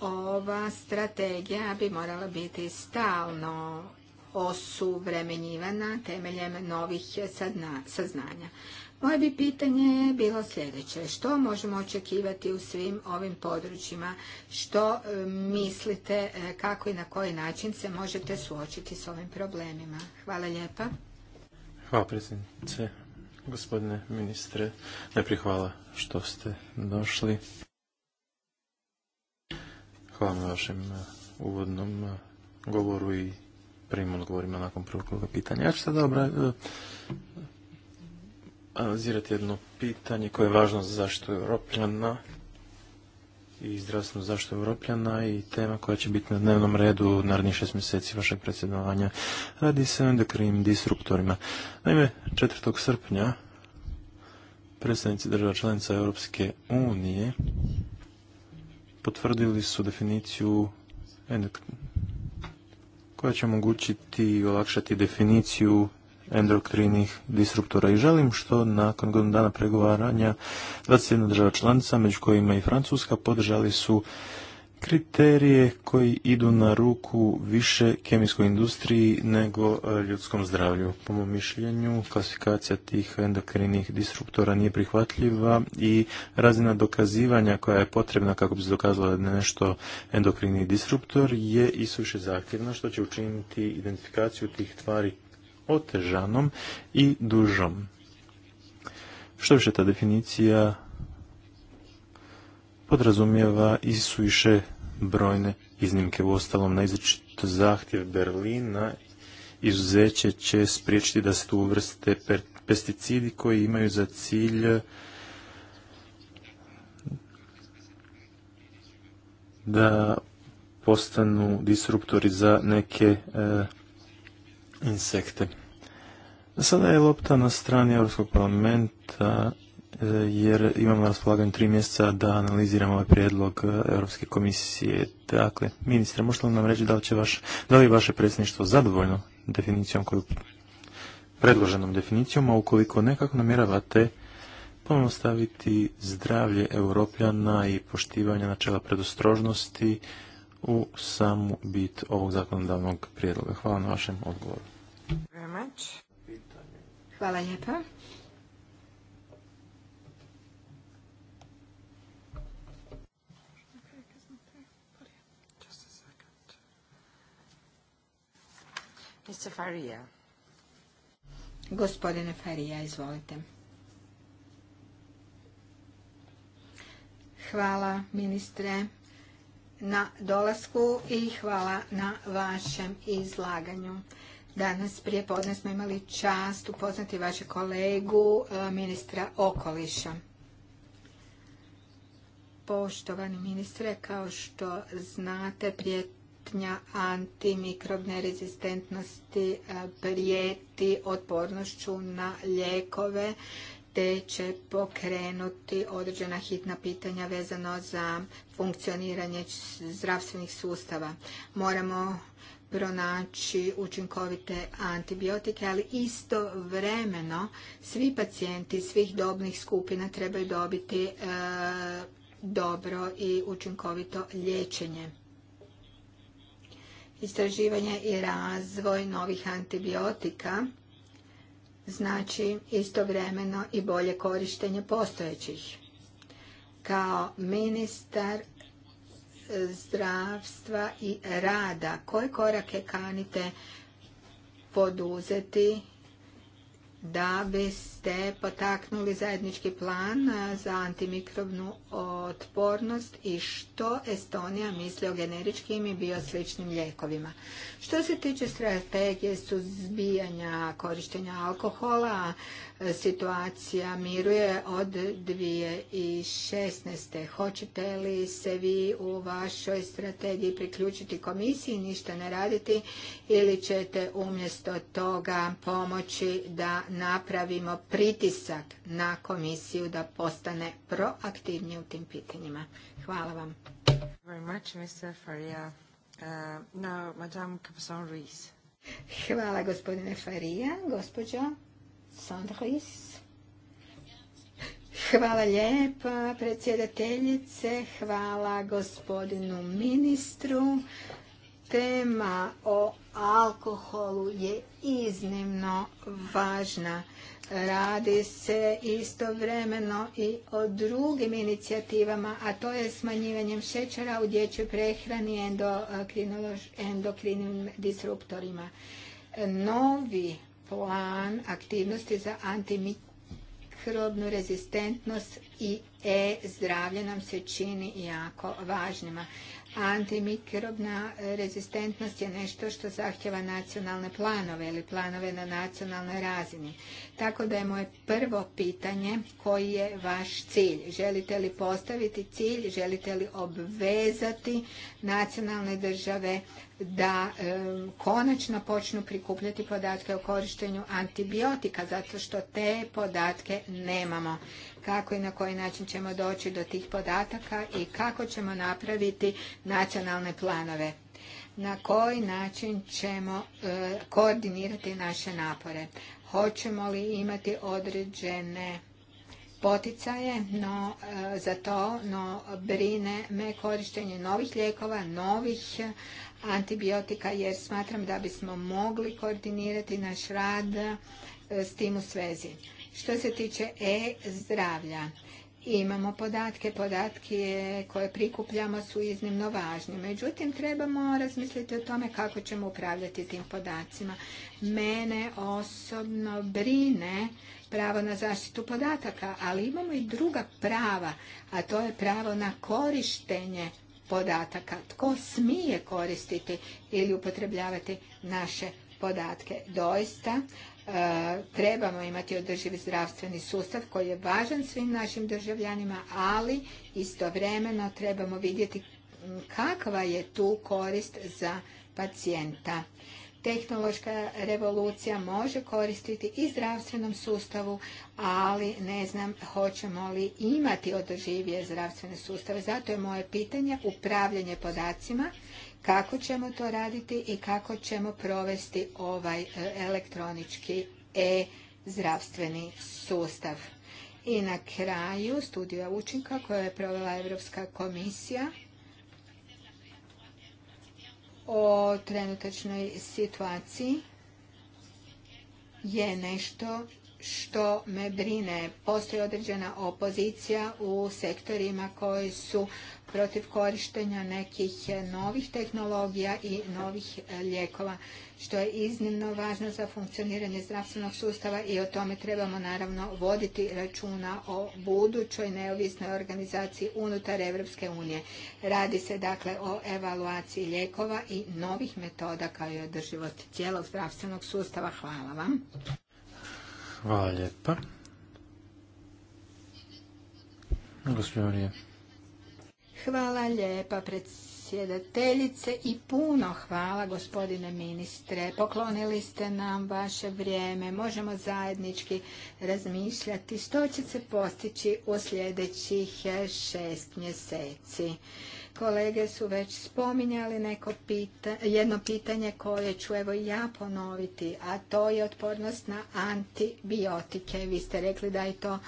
A: Ova strategija bi morala biti stalno osuvremenjivana temeljem novih saznanja. Moje bi pitanje bilo sljedeće. Što možemo očekivati u svim ovim područjima? Što e, mislite e, kako i na koji način se možete suočiti s ovim problemima? Hvala lijepa.
C: Hvala predsjednice, gospodine ministre. Najprije hvala što ste došli. Hvala na vašem e, uvodnom govoru i prvim odgovorima nakon prvog kruga pitanja. Ja ću sada e, analizirati jedno pitanje koje je važno za zaštitu Europljana i zdravstvenu zaštitu Europljana i tema koja će biti na dnevnom redu narednih šest mjeseci vašeg predsjedovanja. Radi se o endokrinim disruptorima. Naime, 4. srpnja predstavnici država članica Europske unije potvrdili su definiciju koja će omogućiti i olakšati definiciju endokrinih disruptora. I želim što nakon godinu dana pregovaranja 21 država članica, među kojima i Francuska, podržali su kriterije koji idu na ruku više kemijskoj industriji nego e, ljudskom zdravlju. Po mom mišljenju, klasifikacija tih endokrinih disruptora nije prihvatljiva i razina dokazivanja koja je potrebna kako bi se dokazala da je nešto endokrini disruptor je isuviše zahtjevna što će učiniti identifikaciju tih tvari otežanom i dužom. Što više ta definicija podrazumijeva i suviše brojne iznimke u ostalom na zahtjev Berlina izuzeće će spriječiti da se tu uvrste pesticidi koji imaju za cilj da postanu disruptori za neke e, insekte. Sada je lopta na strani Europskog parlamenta E, jer imamo na raspolaganju tri mjeseca da analiziramo ovaj prijedlog e, Europske komisije. Dakle, ministre, možete li nam reći da li, će vaš, da li je vaše predsjedništvo zadovoljno definicijom koju predloženom definicijom, a ukoliko nekako namjeravate ponovno staviti zdravlje europljana i poštivanje načela predostrožnosti u samu bit ovog zakonodavnog prijedloga. Hvala na vašem odgovoru.
A: Hvala lijepa. Gospodine Farija, izvolite. Hvala ministre na dolasku i hvala na vašem izlaganju. Danas prije podne smo imali čast upoznati vašeg kolegu, e, ministra okoliša. Poštovani ministre, kao što znate, prije stupnja antimikrobne rezistentnosti e, prijeti otpornošću na lijekove te će pokrenuti određena hitna pitanja vezano za funkcioniranje zdravstvenih sustava. Moramo pronaći učinkovite antibiotike, ali istovremeno svi pacijenti svih dobnih skupina trebaju dobiti e, dobro i učinkovito liječenje istraživanje i razvoj novih antibiotika znači istovremeno i bolje korištenje postojećih. Kao ministar zdravstva i rada, koje korake kanite poduzeti da biste potaknuli zajednički plan za antimikrobnu otpornost i što Estonija misli o generičkim i biosličnim lijekovima. Što se tiče strategije suzbijanja korištenja alkohola, situacija miruje od 2016. Hoćete li se vi u vašoj strategiji priključiti komisiji, ništa ne raditi ili ćete umjesto toga pomoći da napravimo pritisak na komisiju da postane proaktivnije u tim pitanjima? Hvala
B: vam. Uh,
A: Hvala gospodine faria Gospođo Sandris. Hvala lijepa predsjedateljice, hvala gospodinu ministru. Tema o alkoholu je iznimno važna. Radi se istovremeno i o drugim inicijativama, a to je smanjivanjem šećera u dječjoj prehrani endokrinim disruptorima. Novi plan aktivnosti za antimikrobnu rezistentnost i e-zdravlje nam se čini jako važnima. Antimikrobna rezistentnost je nešto što zahtjeva nacionalne planove ili planove na nacionalnoj razini. Tako da je moje prvo pitanje koji je vaš cilj? Želite li postaviti cilj, želite li obvezati nacionalne države da konačno počnu prikupljati podatke o korištenju antibiotika zato što te podatke nemamo kako i na koji način ćemo doći do tih podataka i kako ćemo napraviti nacionalne planove na koji način ćemo e, koordinirati naše napore. Hoćemo li imati određene poticaje no, e, za to, no brine me korištenje novih lijekova, novih e, antibiotika, jer smatram da bismo mogli koordinirati naš rad s tim u svezi. Što se tiče e-zdravlja, imamo podatke, podatke koje prikupljamo su iznimno važni. Međutim, trebamo razmisliti o tome kako ćemo upravljati tim podacima. Mene osobno brine pravo na zaštitu podataka, ali imamo i druga prava, a to je pravo na korištenje podataka. Tko smije koristiti ili upotrebljavati naše podatke. Doista e, trebamo imati održivi zdravstveni sustav koji je važan svim našim državljanima, ali istovremeno trebamo vidjeti kakva je tu korist za pacijenta. Tehnološka revolucija može koristiti i zdravstvenom sustavu, ali ne znam hoćemo li imati održivije zdravstvene sustave. Zato je moje pitanje upravljanje podacima kako ćemo to raditi i kako ćemo provesti ovaj e, elektronički e-zdravstveni sustav. I na kraju studija učinka koju je provela Europska komisija o trenutačnoj situaciji je nešto što me brine. Postoji određena opozicija u sektorima koji su protiv korištenja nekih novih tehnologija i novih lijekova, što je iznimno važno za funkcioniranje zdravstvenog sustava i o tome trebamo naravno voditi računa o budućoj neovisnoj organizaciji unutar Europske unije. Radi se dakle o evaluaciji lijekova i novih metoda kao i održivosti cijelog zdravstvenog sustava. Hvala vam.
C: Hvala lijepa.
A: Gospodin Hvala lijepa predsjedateljice i puno hvala gospodine ministre. Poklonili ste nam vaše vrijeme. Možemo zajednički razmišljati što će se postići u sljedećih šest mjeseci. Kolege su već spominjali neko pita, jedno pitanje koje ću evo i ja ponoviti, a to je otpornost na antibiotike. Vi ste rekli da je to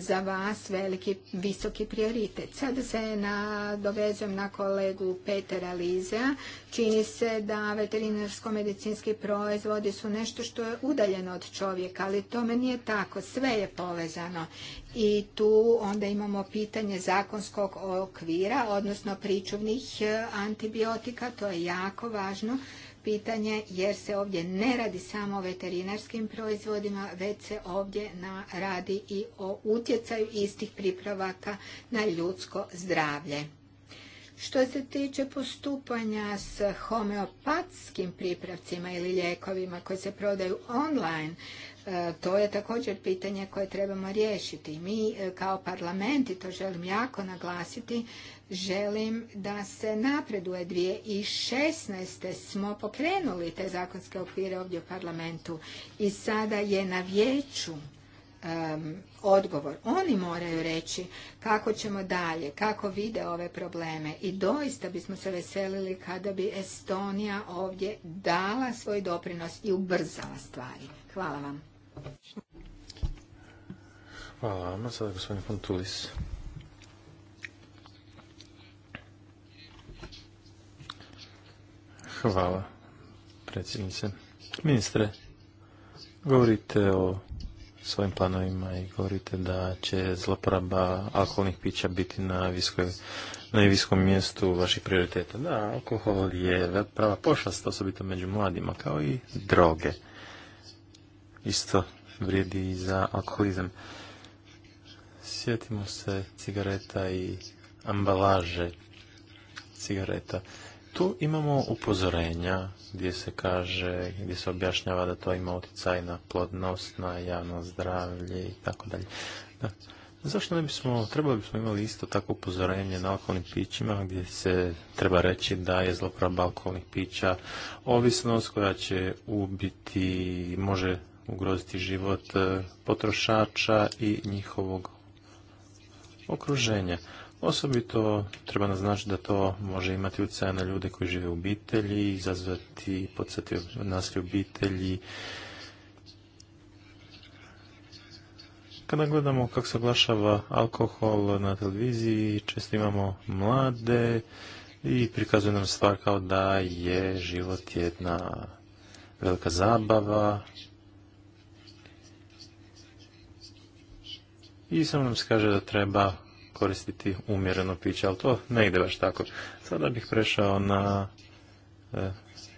A: za vas veliki, visoki prioritet. Sad se nadovezujem na kolegu Petera Lizea. Čini se da veterinarsko-medicinski proizvodi su nešto što je udaljeno od čovjeka, ali tome nije tako. Sve je povezano. I tu onda imamo pitanje zakonskog okvira, odnosno pričuvnih antibiotika. To je jako važno pitanje jer se ovdje ne radi samo o veterinarskim proizvodima, već se ovdje radi i o utjecaju istih pripravaka na ljudsko zdravlje. Što se tiče postupanja s homeopatskim pripravcima ili lijekovima koji se prodaju online, E, to je također pitanje koje trebamo riješiti. Mi e, kao parlament, i to želim jako naglasiti, želim da se napreduje. 2016. smo pokrenuli te zakonske okvire ovdje u parlamentu i sada je na vijeću odgovor. Oni moraju reći kako ćemo dalje, kako vide ove probleme i doista bismo se veselili kada bi Estonija ovdje dala svoj doprinos i ubrzala stvari. Hvala vam.
C: Hvala vam, sada gospodin Fontulis. Hvala, predsjednice. Ministre, govorite o svojim planovima i govorite da će zloporaba alkoholnih pića biti na viskoj na viskom mjestu vaših prioriteta. Da, alkohol je prava pošast, osobito među mladima, kao i droge isto vrijedi i za alkoholizam. Sjetimo se cigareta i ambalaže cigareta. Tu imamo upozorenja gdje se kaže, gdje se objašnjava da to ima utjecaj na plodnost, na javno zdravlje i tako dalje. Zašto ne bismo, trebali bismo imali isto tako upozorenje na alkoholnim pićima gdje se treba reći da je zloporaba alkoholnih pića ovisnost koja će ubiti, može ugroziti život e, potrošača i njihovog okruženja. Osobito treba naznačiti da to može imati utjecaja na ljude koji žive u obitelji, izazvati podsjeti nasilje obitelji. Kada gledamo kako se oglašava alkohol na televiziji, često imamo mlade i prikazuje nam stvar kao da je život jedna velika zabava, i samo nam se kaže da treba koristiti umjereno piće, ali to ne ide baš tako. Sada bih prešao na e,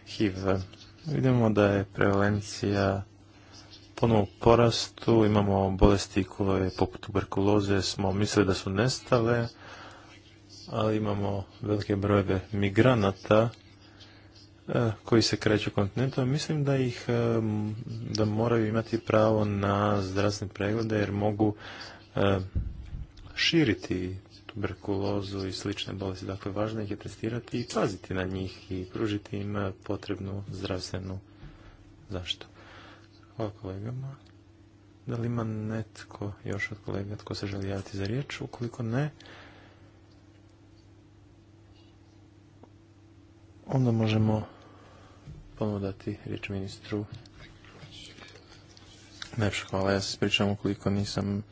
C: HIV. Vidimo da je prevalencija ponovo porastu, imamo bolesti koje poput tuberkuloze smo mislili da su nestale, ali imamo velike brojeve migranata e, koji se kreću kontinentom. Mislim da ih e, da moraju imati pravo na zdravstvene preglede jer mogu E, širiti tuberkulozu i slične bolesti. Dakle, važno ih je testirati i paziti na njih i pružiti im e, potrebnu zdravstvenu zaštitu. Hvala kolegama. Da li ima netko još od kolega tko se želi javiti za riječ? Ukoliko ne, onda možemo ponudati riječ ministru. Najpšu hvala, ja se spričam ukoliko nisam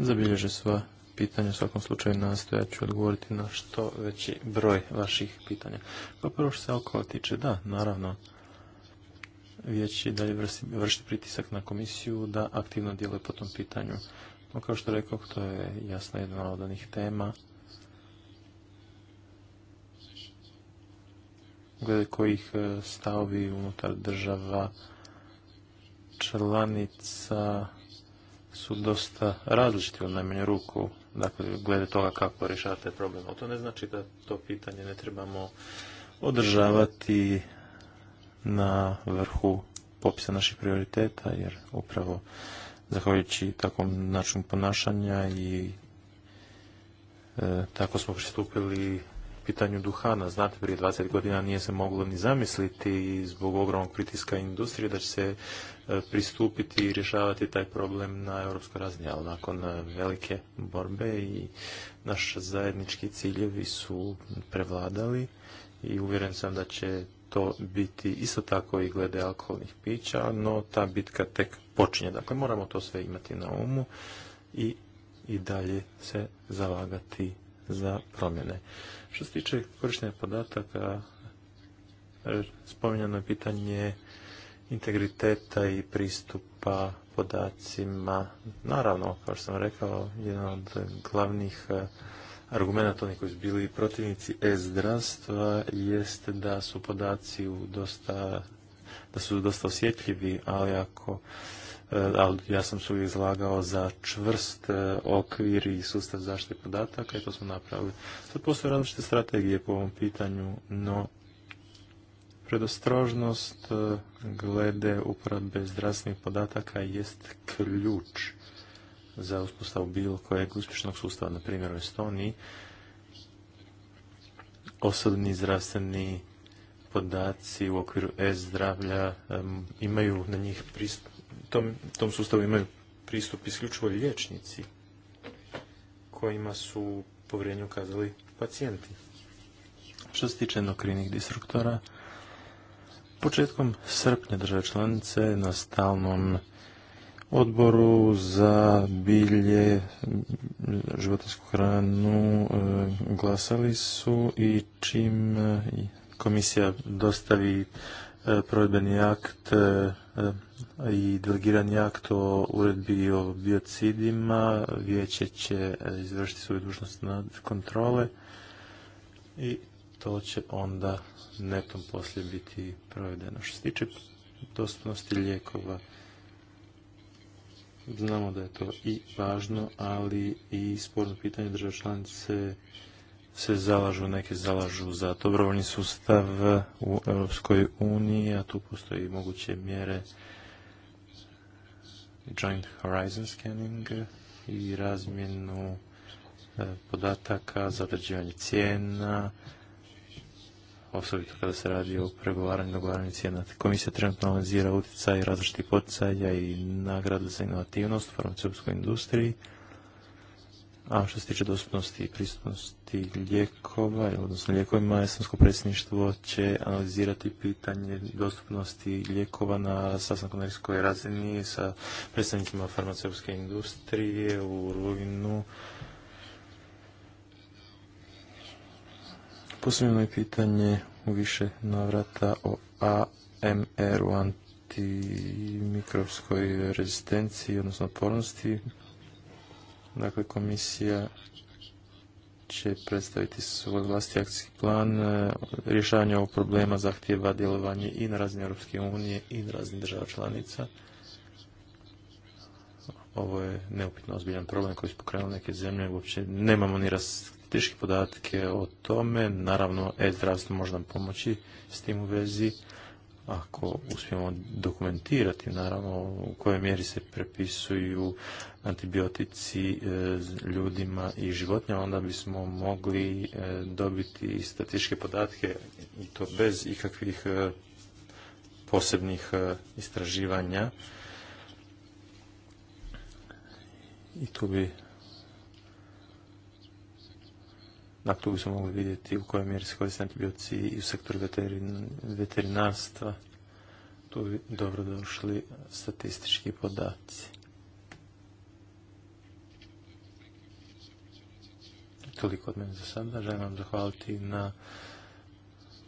C: zabilježe sva pitanja. U svakom slučaju nastoja ću odgovoriti na što veći broj vaših pitanja. Pa prvo što se alkohola tiče, da, naravno, vijeći i dalje vršiti pritisak na komisiju da aktivno djeluje po tom pitanju. No kao što rekao, to je jasna jedna od onih tema glede kojih e, stavovi unutar država članica su dosta različiti u najmanju ruku, dakle, glede toga kako rješavate problem. O to ne znači da to pitanje ne trebamo održavati na vrhu popisa naših prioriteta, jer upravo zahvaljujući takvom načinu ponašanja i e, tako smo pristupili pitanju duhana. Znate, prije 20 godina nije se moglo ni zamisliti zbog ogromnog pritiska industrije da će se e, pristupiti i rješavati taj problem na europskoj razini, ali nakon e, velike borbe i naš zajednički ciljevi su prevladali i uvjeren sam da će to biti isto tako i glede alkoholnih pića, no ta bitka tek počinje. Dakle, moramo to sve imati na umu i, i dalje se zalagati za promjene. Što se tiče korištenja podataka, spominjano je pitanje integriteta i pristupa podacima. Naravno, kao što sam rekao, jedan od glavnih e, argumenta onih koji su bili protivnici e-zdravstva jeste da su podaci u dosta da su dosta osjetljivi, ali ako E, ali ja sam se uvijek izlagao za čvrst e, okvir i sustav zaštite podataka i to smo napravili. Sad postoje različite strategije po ovom pitanju, no predostrožnost e, glede uporabe zdravstvenih podataka jest ključ za uspostavu bilo kojeg uspješnog sustava, na primjer u Estoniji. Osobni zdravstveni podaci u okviru e-zdravlja imaju na njih pristup tom, tom sustavu imaju pristup isključivo liječnici kojima su povrijednju ukazali pacijenti. Što se tiče endokrinih disruptora, početkom srpnja države članice na stalnom odboru za bilje, životinsku hranu e, glasali su i čim e, komisija dostavi e, provedbeni akt i delegirani akt o uredbi o biocidima. Vijeće će e, izvršiti svoju dužnost nad kontrole i to će onda netom poslije biti provedeno. Što se tiče dostupnosti lijekova, znamo da je to i važno, ali i sporno pitanje države članice se zalažu, neke zalažu za dobrovoljni sustav u Europskoj uniji, a tu postoji moguće mjere Joint Horizon Scanning i razmjenu e, podataka za određivanje cijena, osobito kada se radi o pregovaranju i dogovaranju cijena. Komisija trenutno analizira utjecaj različitih poticaja i nagrada za inovativnost u farmaceutskoj industriji a što se tiče dostupnosti i pristupnosti lijekova, odnosno lijekovima, Estonsko predsjedništvo će analizirati pitanje dostupnosti lijekova na sastanku na razini sa predstavnicima farmaceutske industrije u Rovinu. Posljedno je pitanje u više navrata o AMR-u antimikrobskoj rezistenciji, odnosno otpornosti. Dakle, komisija će predstaviti svoj vlasti akcijski plan e, rješavanja ovog problema zahtjeva djelovanje i na razini Europske unije i na raznih država članica. Ovo je neupitno ozbiljan problem koji su pokrenuli neke zemlje. Uopće nemamo ni statističke podatke o tome. Naravno, e-zdravstvo može nam pomoći s tim u vezi, ako uspijemo dokumentirati naravno u kojoj mjeri se prepisuju antibiotici e, ljudima i životinjama, onda bismo mogli e, dobiti statističke podatke i to bez ikakvih e, posebnih istraživanja. I tu bi Dakle, tu bismo mogli vidjeti u kojoj mjeri se koriste i u sektoru veterinarstva. Tu bi dobro došli statistički podaci. Toliko od mene za sada. Želim vam zahvaliti na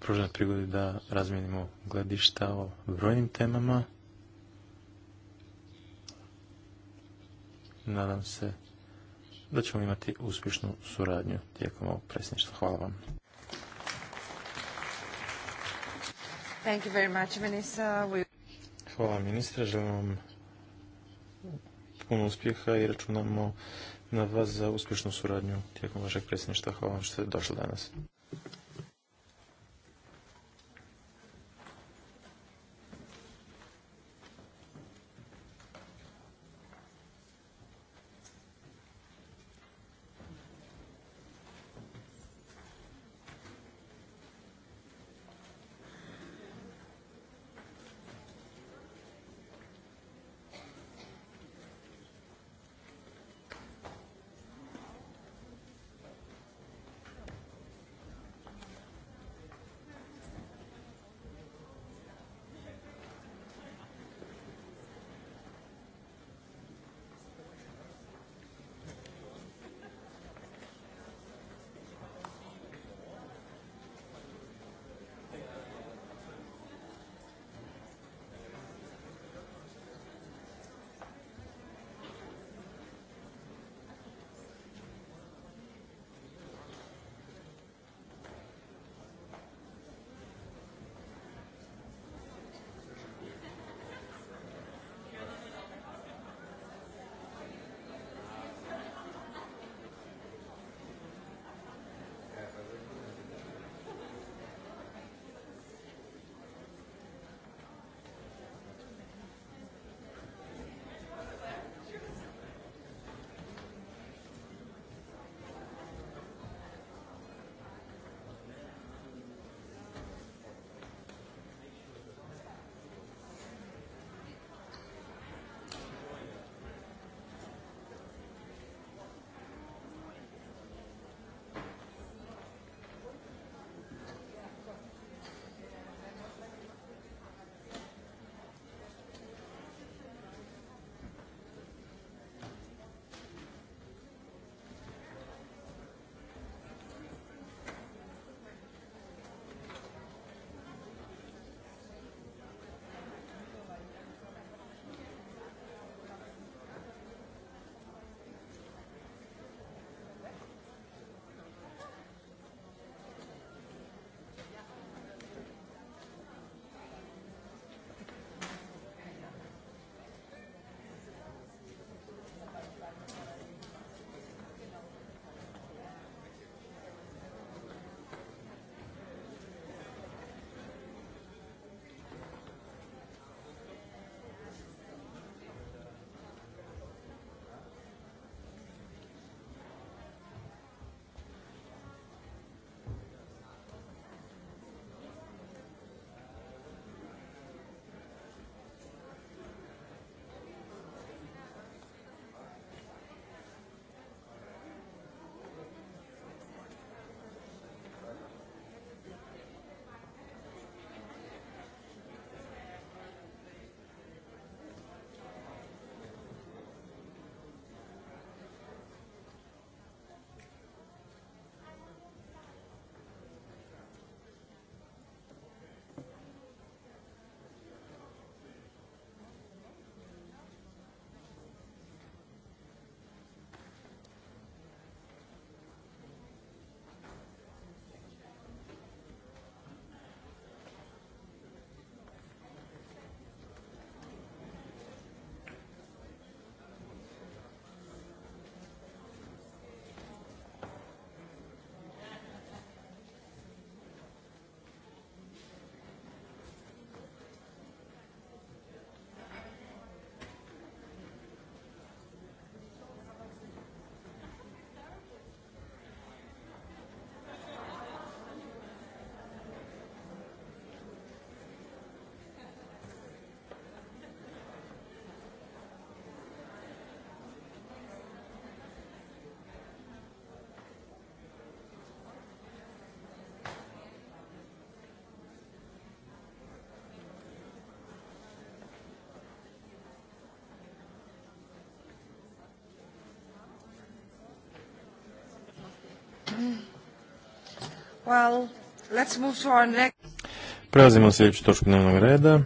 C: pružene prigodi da razmijenimo gledišta o brojnim temama. Nadam se da ćemo imati uspješnu suradnju tijekom ovog predsjedništva. Hvala vam.
A: Thank you very much,
C: Hvala ministre, želim vam puno uspjeha i računamo na vas za uspješnu suradnju tijekom vašeg predsjedništva. Hvala vam što ste došli danas. Prelazimo na sljedeću točku dnevnog reda.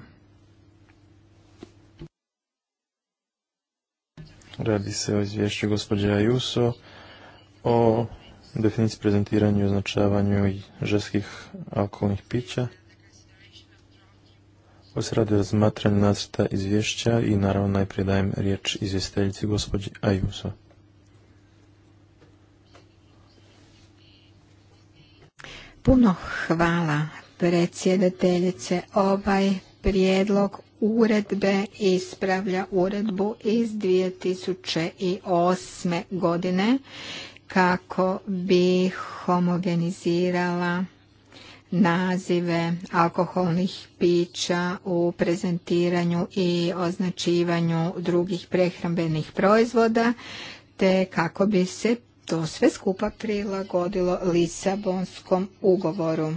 C: Radi se o izvješću gospođe Ajuso o definiciji prezentiranju i označavanju žeskih alkoholnih pića. Ovo se radi o razmatranju nacrta izvješća i naravno najprije dajem riječ izvjestiteljici gospođi Ajuso.
A: Hvala predsjedateljice. Ovaj prijedlog uredbe ispravlja uredbu iz 2008. godine kako bi homogenizirala nazive alkoholnih pića u prezentiranju i označivanju drugih prehrambenih proizvoda te kako bi se to sve skupa prilagodilo Lisabonskom ugovoru.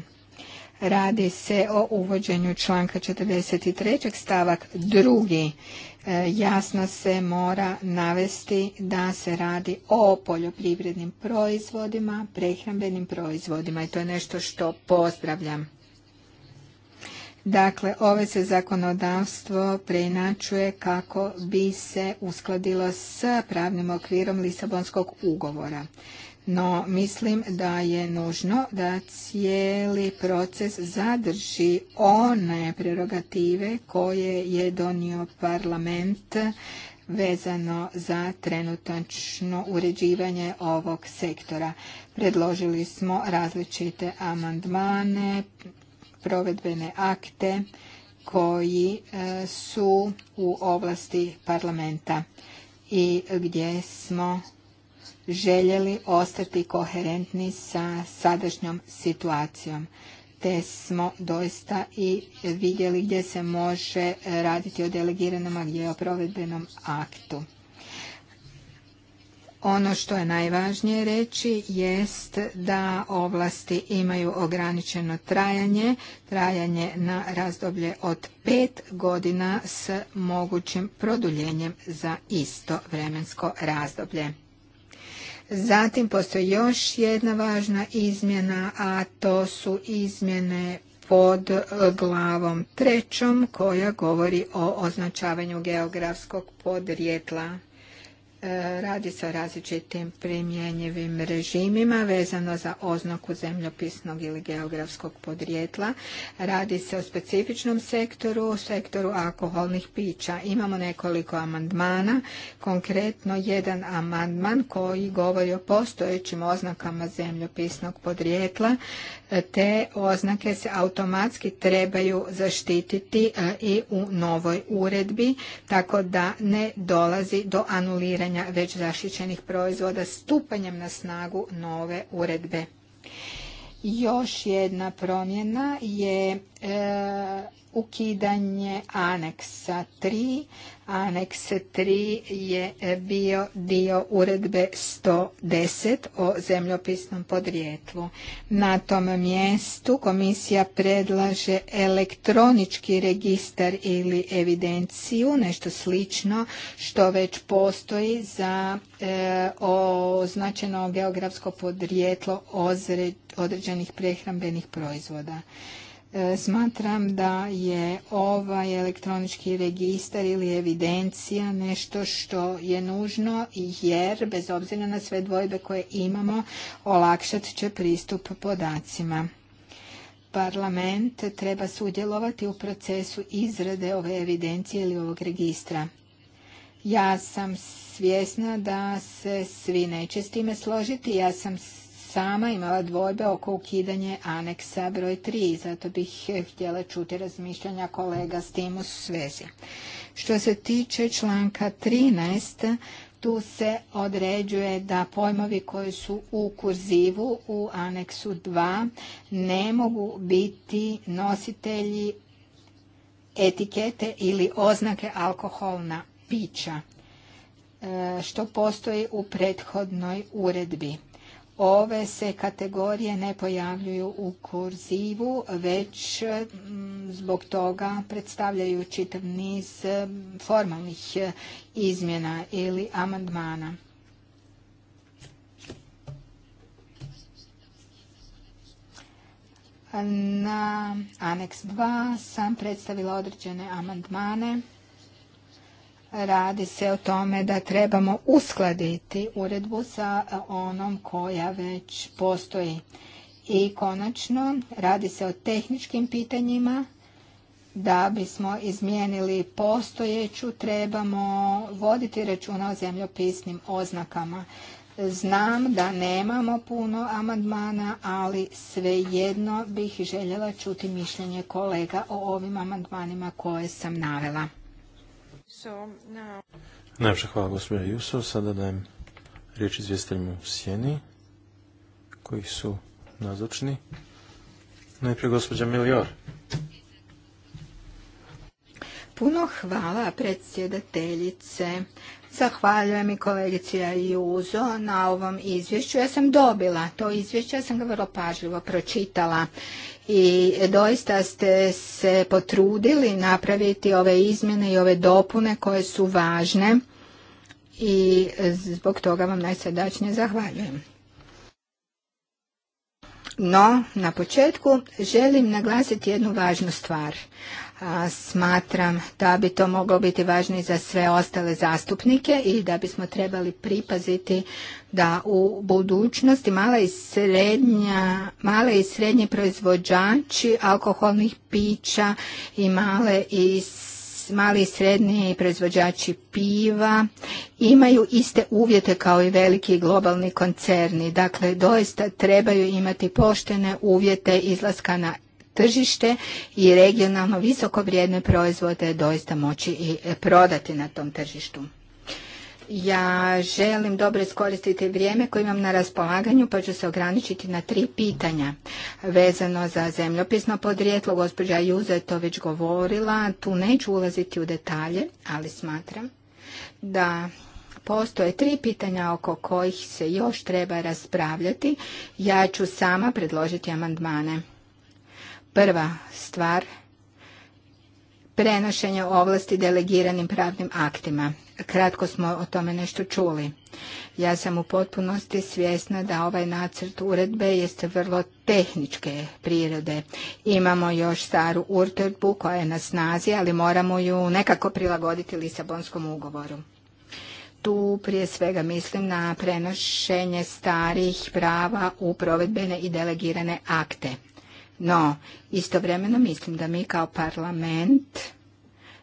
A: Radi se o uvođenju članka 43. stavak 2. E, jasno se mora navesti da se radi o poljoprivrednim proizvodima, prehrambenim proizvodima i to je nešto što pozdravljam. Dakle, ove se zakonodavstvo preinačuje kako bi se uskladilo s pravnim okvirom Lisabonskog ugovora. No, mislim da je nužno da cijeli proces zadrži one prerogative koje je donio parlament vezano za trenutačno uređivanje ovog sektora. Predložili smo različite amandmane, provedbene akte koji e, su u ovlasti parlamenta i gdje smo željeli ostati koherentni sa sadašnjom situacijom te smo doista i vidjeli gdje se može raditi o delegiranom, a gdje o provedbenom aktu. Ono što je najvažnije reći jest da ovlasti imaju ograničeno trajanje, trajanje na razdoblje od pet godina s mogućim produljenjem za isto vremensko razdoblje. Zatim postoji još jedna važna izmjena, a to su izmjene pod glavom trećom koja govori o označavanju geografskog podrijetla E, radi se o različitim primjenjivim režimima vezano za oznaku zemljopisnog ili geografskog podrijetla. Radi se o specifičnom sektoru, sektoru alkoholnih pića. Imamo nekoliko amandmana, konkretno jedan amandman koji govori o postojećim oznakama zemljopisnog podrijetla te oznake se automatski trebaju zaštititi e, i u novoj uredbi, tako da ne dolazi do anuliranja već zaštićenih proizvoda stupanjem na snagu nove uredbe. Još jedna promjena je e, ukidanje aneksa 3 Aneks 3 je e, bio dio uredbe 110 o zemljopisnom podrijetlu. Na tom mjestu komisija predlaže elektronički registar ili evidenciju, nešto slično što već postoji za e, označeno geografsko podrijetlo određenih prehrambenih proizvoda. E, smatram da je ovaj elektronički registar ili evidencija nešto što je nužno jer bez obzira na sve dvojbe koje imamo olakšat će pristup podacima. Parlament treba sudjelovati u procesu izrade ove evidencije ili ovog registra. Ja sam svjesna da se svi neće s time složiti, ja sam sama imala dvojbe oko ukidanje aneksa broj 3, zato bih eh, htjela čuti razmišljanja kolega s tim u svezi. Što se tiče članka 13, tu se određuje da pojmovi koji su u kurzivu u aneksu 2 ne mogu biti nositelji etikete ili oznake alkoholna pića, eh, što postoji u prethodnoj uredbi. Ove se kategorije ne pojavljuju u kurzivu, već mm, zbog toga predstavljaju čitav niz mm, formalnih eh, izmjena ili amandmana. Na aneks 2 sam predstavila određene amandmane. Radi se o tome da trebamo uskladiti uredbu sa e, onom koja već postoji. I konačno, radi se o tehničkim pitanjima. Da bismo izmijenili postojeću, trebamo voditi računa o zemljopisnim oznakama. Znam da nemamo puno amandmana, ali svejedno bih željela čuti mišljenje kolega o ovim amandmanima koje sam navela.
B: So
C: hvala gospođa Jusov. Sada dajem riječ izvjestiteljima u Sjeni koji su nazočni. Najprije gospođa Milior.
A: Puno hvala predsjedateljice. Zahvaljujem i kolegici Juzo na ovom izvješću. Ja sam dobila to izvješće, ja sam ga vrlo pažljivo pročitala i doista ste se potrudili napraviti ove izmjene i ove dopune koje su važne i zbog toga vam najsrdačnije zahvaljujem. No, na početku želim naglasiti jednu važnu stvar, smatram da bi to moglo biti važno i za sve ostale zastupnike i da bismo trebali pripaziti da u budućnosti mala i srednja, male i srednje proizvođači alkoholnih pića i male i mali i srednji proizvođači piva imaju iste uvjete kao i veliki globalni koncerni. Dakle, doista trebaju imati poštene uvjete izlaska na tržište i regionalno visoko vrijedne proizvode doista moći i prodati na tom tržištu. Ja želim dobro iskoristiti vrijeme koje imam na raspolaganju, pa ću se ograničiti na tri pitanja vezano za zemljopisno podrijetlo. Gospođa Juza je to već govorila, tu neću ulaziti u detalje, ali smatram da postoje tri pitanja oko kojih se još treba raspravljati. Ja ću sama predložiti amandmane. Prva stvar, prenošenje ovlasti delegiranim pravnim aktima. Kratko smo o tome nešto čuli. Ja sam u potpunosti svjesna da ovaj nacrt uredbe jeste vrlo tehničke prirode. Imamo još staru uredbu koja je na snazi, ali moramo ju nekako prilagoditi Lisabonskom ugovoru. Tu prije svega mislim na prenošenje starih prava u provedbene i delegirane akte. No, istovremeno mislim da mi kao parlament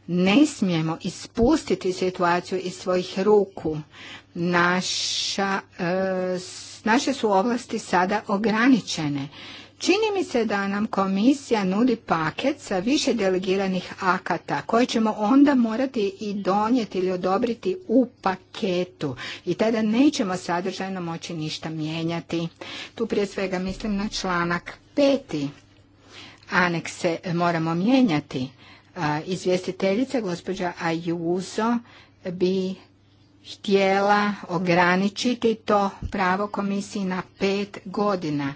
A: ne smijemo ispustiti situaciju iz svojih ruku. Naša, e, naše su ovlasti sada ograničene. Čini mi se da nam komisija nudi paket sa više delegiranih akata koje ćemo onda morati i donijeti ili odobriti u paketu i tada nećemo sadržajno moći ništa mijenjati. Tu prije svega mislim na članak peti anekse moramo mijenjati. Izvjestiteljica gospođa Ajuzo bi htjela ograničiti to pravo komisiji na pet godina.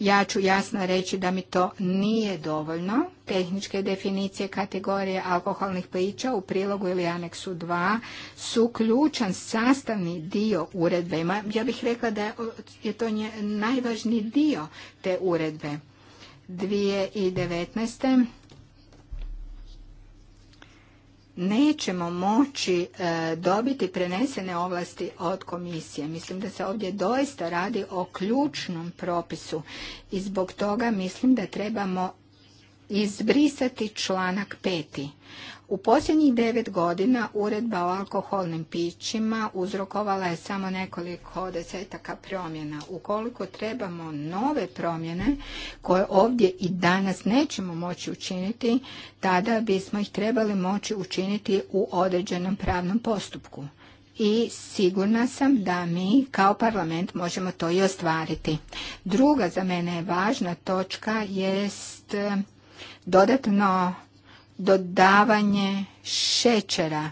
A: Ja ću jasno reći da mi to nije dovoljno. Tehničke definicije kategorije alkoholnih pića u prilogu ili aneksu 2 su ključan sastavni dio uredbe. Ja bih rekla da je to najvažniji dio te uredbe. 2019. nećemo moći e, dobiti prenesene ovlasti od komisije. Mislim da se ovdje doista radi o ključnom propisu i zbog toga mislim da trebamo izbrisati članak peti u posljednjih devet godina uredba o alkoholnim pićima uzrokovala je samo nekoliko desetaka promjena. Ukoliko trebamo nove promjene koje ovdje i danas nećemo moći učiniti, tada bismo ih trebali moći učiniti u određenom pravnom postupku. I sigurna sam da mi kao parlament možemo to i ostvariti. Druga za mene važna točka jest dodatno dodavanje šećera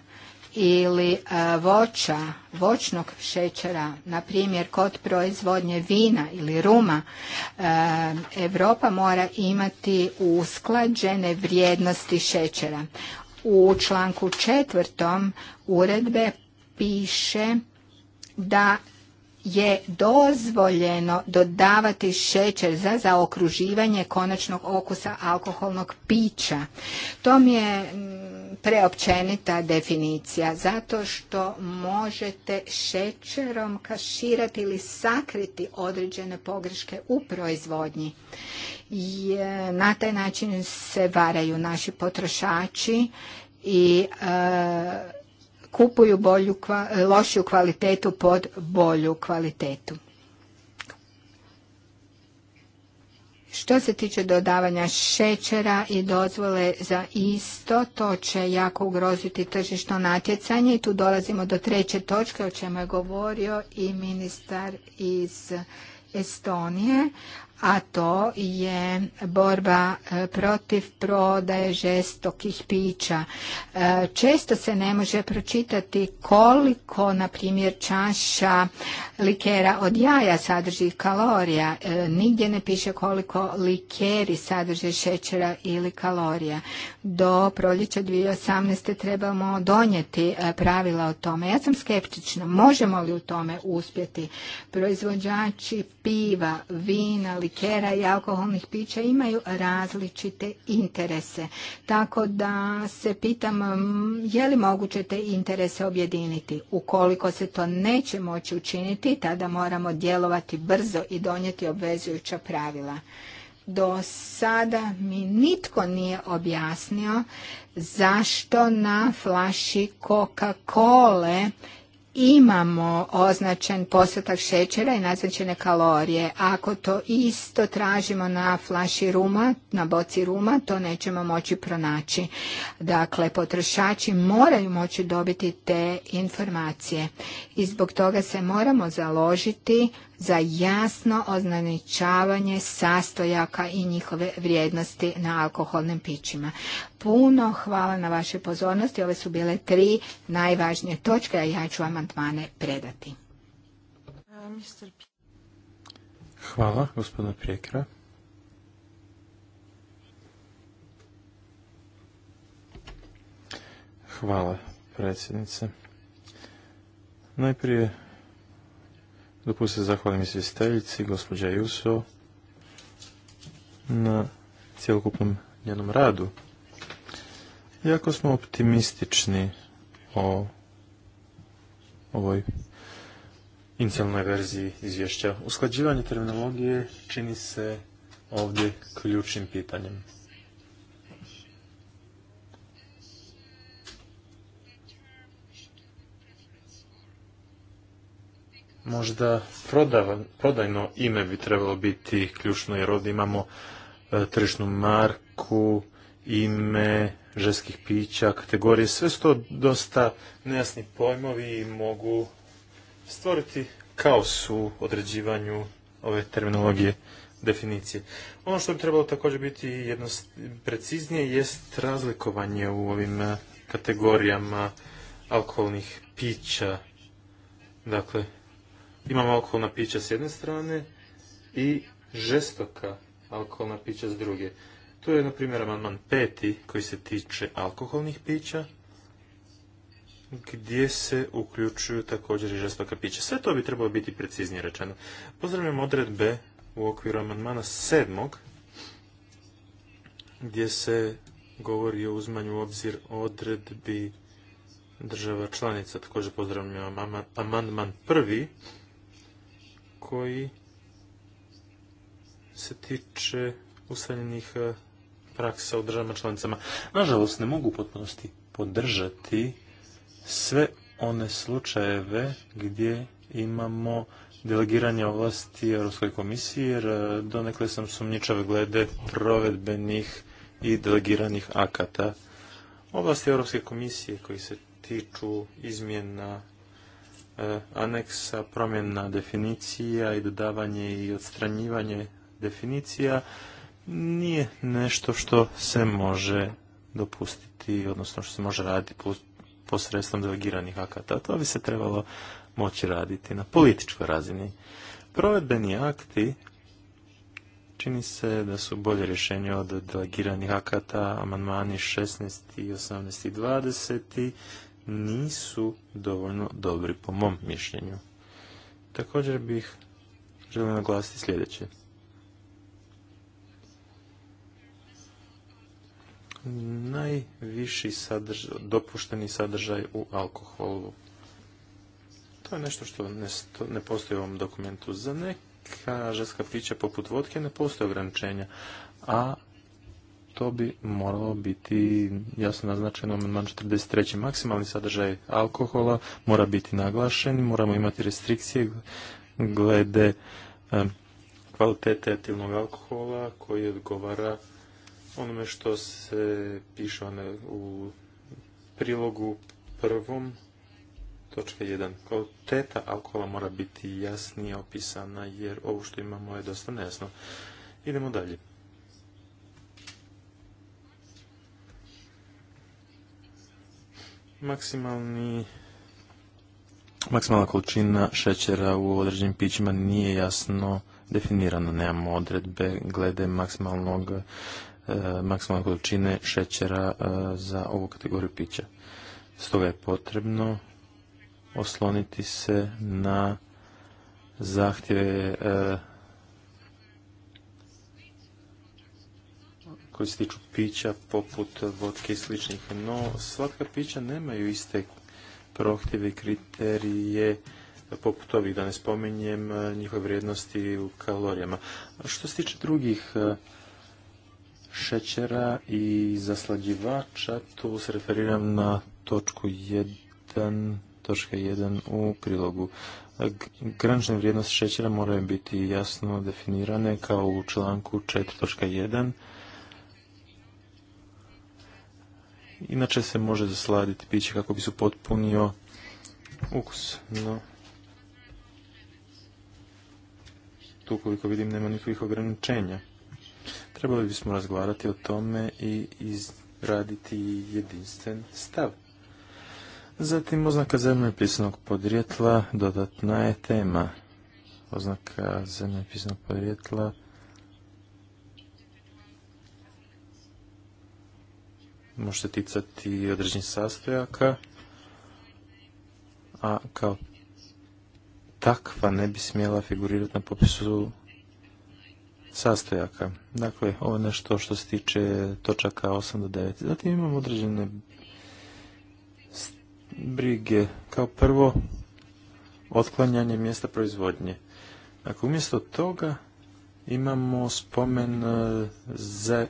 A: ili e, voća, voćnog šećera, na primjer kod proizvodnje vina ili ruma, Europa mora imati usklađene vrijednosti šećera. U članku četvrtom uredbe piše da je dozvoljeno dodavati šećer za zaokruživanje konačnog okusa alkoholnog pića. To mi je mm, preopćenita definicija, zato što možete šećerom kaširati ili sakriti određene pogreške u proizvodnji. na taj način se varaju naši potrošači i e, kupuju bolju, e, lošiju kvalitetu pod bolju kvalitetu. Što se tiče dodavanja šećera i dozvole za isto, to će jako ugroziti tržišno natjecanje i tu dolazimo do treće točke o čemu je govorio i ministar iz Estonije, a to je borba e, protiv prodaje žestokih pića. E, često se ne može pročitati koliko, na primjer, čaša likera od jaja sadrži kalorija. E, nigdje ne piše koliko likeri sadrže šećera ili kalorija do proljeća 2018. trebamo donijeti e, pravila o tome. Ja sam skeptična. Možemo li u tome uspjeti? Proizvođači piva, vina, likera i alkoholnih pića imaju različite interese. Tako da se pitam je li moguće te interese objediniti. Ukoliko se to neće moći učiniti, tada moramo djelovati brzo i donijeti obvezujuća pravila do sada mi nitko nije objasnio zašto na flaši coca cola imamo označen postotak šećera i naznačene kalorije. Ako to isto tražimo na flaši ruma, na boci ruma, to nećemo moći pronaći. Dakle, potrošači moraju moći dobiti te informacije i zbog toga se moramo založiti za jasno označavanje sastojaka i njihove vrijednosti na alkoholnim pićima. Puno hvala na vašoj pozornosti. Ove su bile tri najvažnije točke, a ja ću amandmane predati.
C: Hvala, gospodina Prijekra. Hvala, predsjednice. Najprije Dopustite zahvalim izvjestiteljici, gospođa Juso, na cijelokupnom njenom radu. Jako smo optimistični o ovoj inicijalnoj verziji izvješća, usklađivanje terminologije čini se ovdje ključnim pitanjem. Možda prodajno ime bi trebalo biti ključno jer ovdje imamo e, tržišnu marku, ime, ženskih pića, kategorije, sve su to dosta nejasni pojmovi i mogu stvoriti kaos u određivanju ove terminologije definicije. Ono što bi trebalo također biti jednost, preciznije jest razlikovanje u ovim e, kategorijama alkoholnih pića. Dakle, Imamo alkoholna pića s jedne strane i žestoka alkoholna pića s druge. Tu je, na primjer, amandman peti koji se tiče alkoholnih pića, gdje se uključuju također i žestoka pića. Sve to bi trebalo biti preciznije rečeno. Pozdravljam odredbe u okviru amandmana sedmog, gdje se govori o uzmanju u obzir odredbi država članica. Također pozdravljam amandman prvi, koji se tiče ustaljenih e, praksa u državama članicama. Nažalost, ne mogu u potpunosti podržati sve one slučajeve gdje imamo delegiranje ovlasti Europskoj komisiji, jer e, donekle sam sumnjičave glede provedbenih i delegiranih akata. Ovlasti Europske komisije koji se tiču izmjena E, aneksa, promjena definicija i dodavanje i odstranjivanje definicija nije nešto što se može dopustiti, odnosno što se može raditi posredstvom delegiranih akata. To bi se trebalo moći raditi na političkoj razini. Provedbeni akti čini se da su bolje rješenje od delegiranih akata, amandmani 16. i 18. i 20 nisu dovoljno dobri po mom mišljenju. Također bih želio naglasiti sljedeće. Najviši dopušteni sadržaj u alkoholu. To je nešto što ne, postoji u ovom dokumentu. Za neka ženska pića poput vodke ne postoje ograničenja, a to bi moralo biti jasno naznačeno amandman 43. maksimalni sadržaj alkohola mora biti naglašen, moramo imati restrikcije glede kvalitete etilnog alkohola koji odgovara onome što se piše u prilogu prvom točka 1. Kvaliteta alkohola mora biti jasnije opisana jer ovo što imamo je dosta nejasno. Idemo dalje. Maksimalni Maksimalna količina šećera u određenim pićima nije jasno definirana. Nemamo odredbe glede maksimalnog, e, maksimalne količine šećera e, za ovu kategoriju pića. Stoga je potrebno osloniti se na zahtjeve e, koji se tiču pića poput vodke i sličnih, no svaka pića nemaju iste prohtjeve i kriterije poput ovih, da ne spominjem e, njihove vrijednosti u kalorijama. što se tiče drugih e, šećera i zaslađivača, tu se referiram na točku 1, točka u prilogu. E, granične vrijednosti šećera moraju biti jasno definirane kao u članku 4.1 inače se može zasladiti piće kako bi se potpunio ukus. No, tu koliko vidim nema nikakvih ograničenja. Trebali bismo razgovarati o tome i izraditi jedinstven stav. Zatim oznaka zemljepisnog podrijetla dodatna je tema. Oznaka zemljopisnog podrijetla može se ticati određenih sastojaka, a kao takva ne bi smjela figurirati na popisu sastojaka. Dakle, ovo je nešto što se tiče točaka 8 do 9. Zatim imamo određene brige. Kao prvo, otklanjanje mjesta proizvodnje. Dakle, umjesto toga imamo spomen eh, za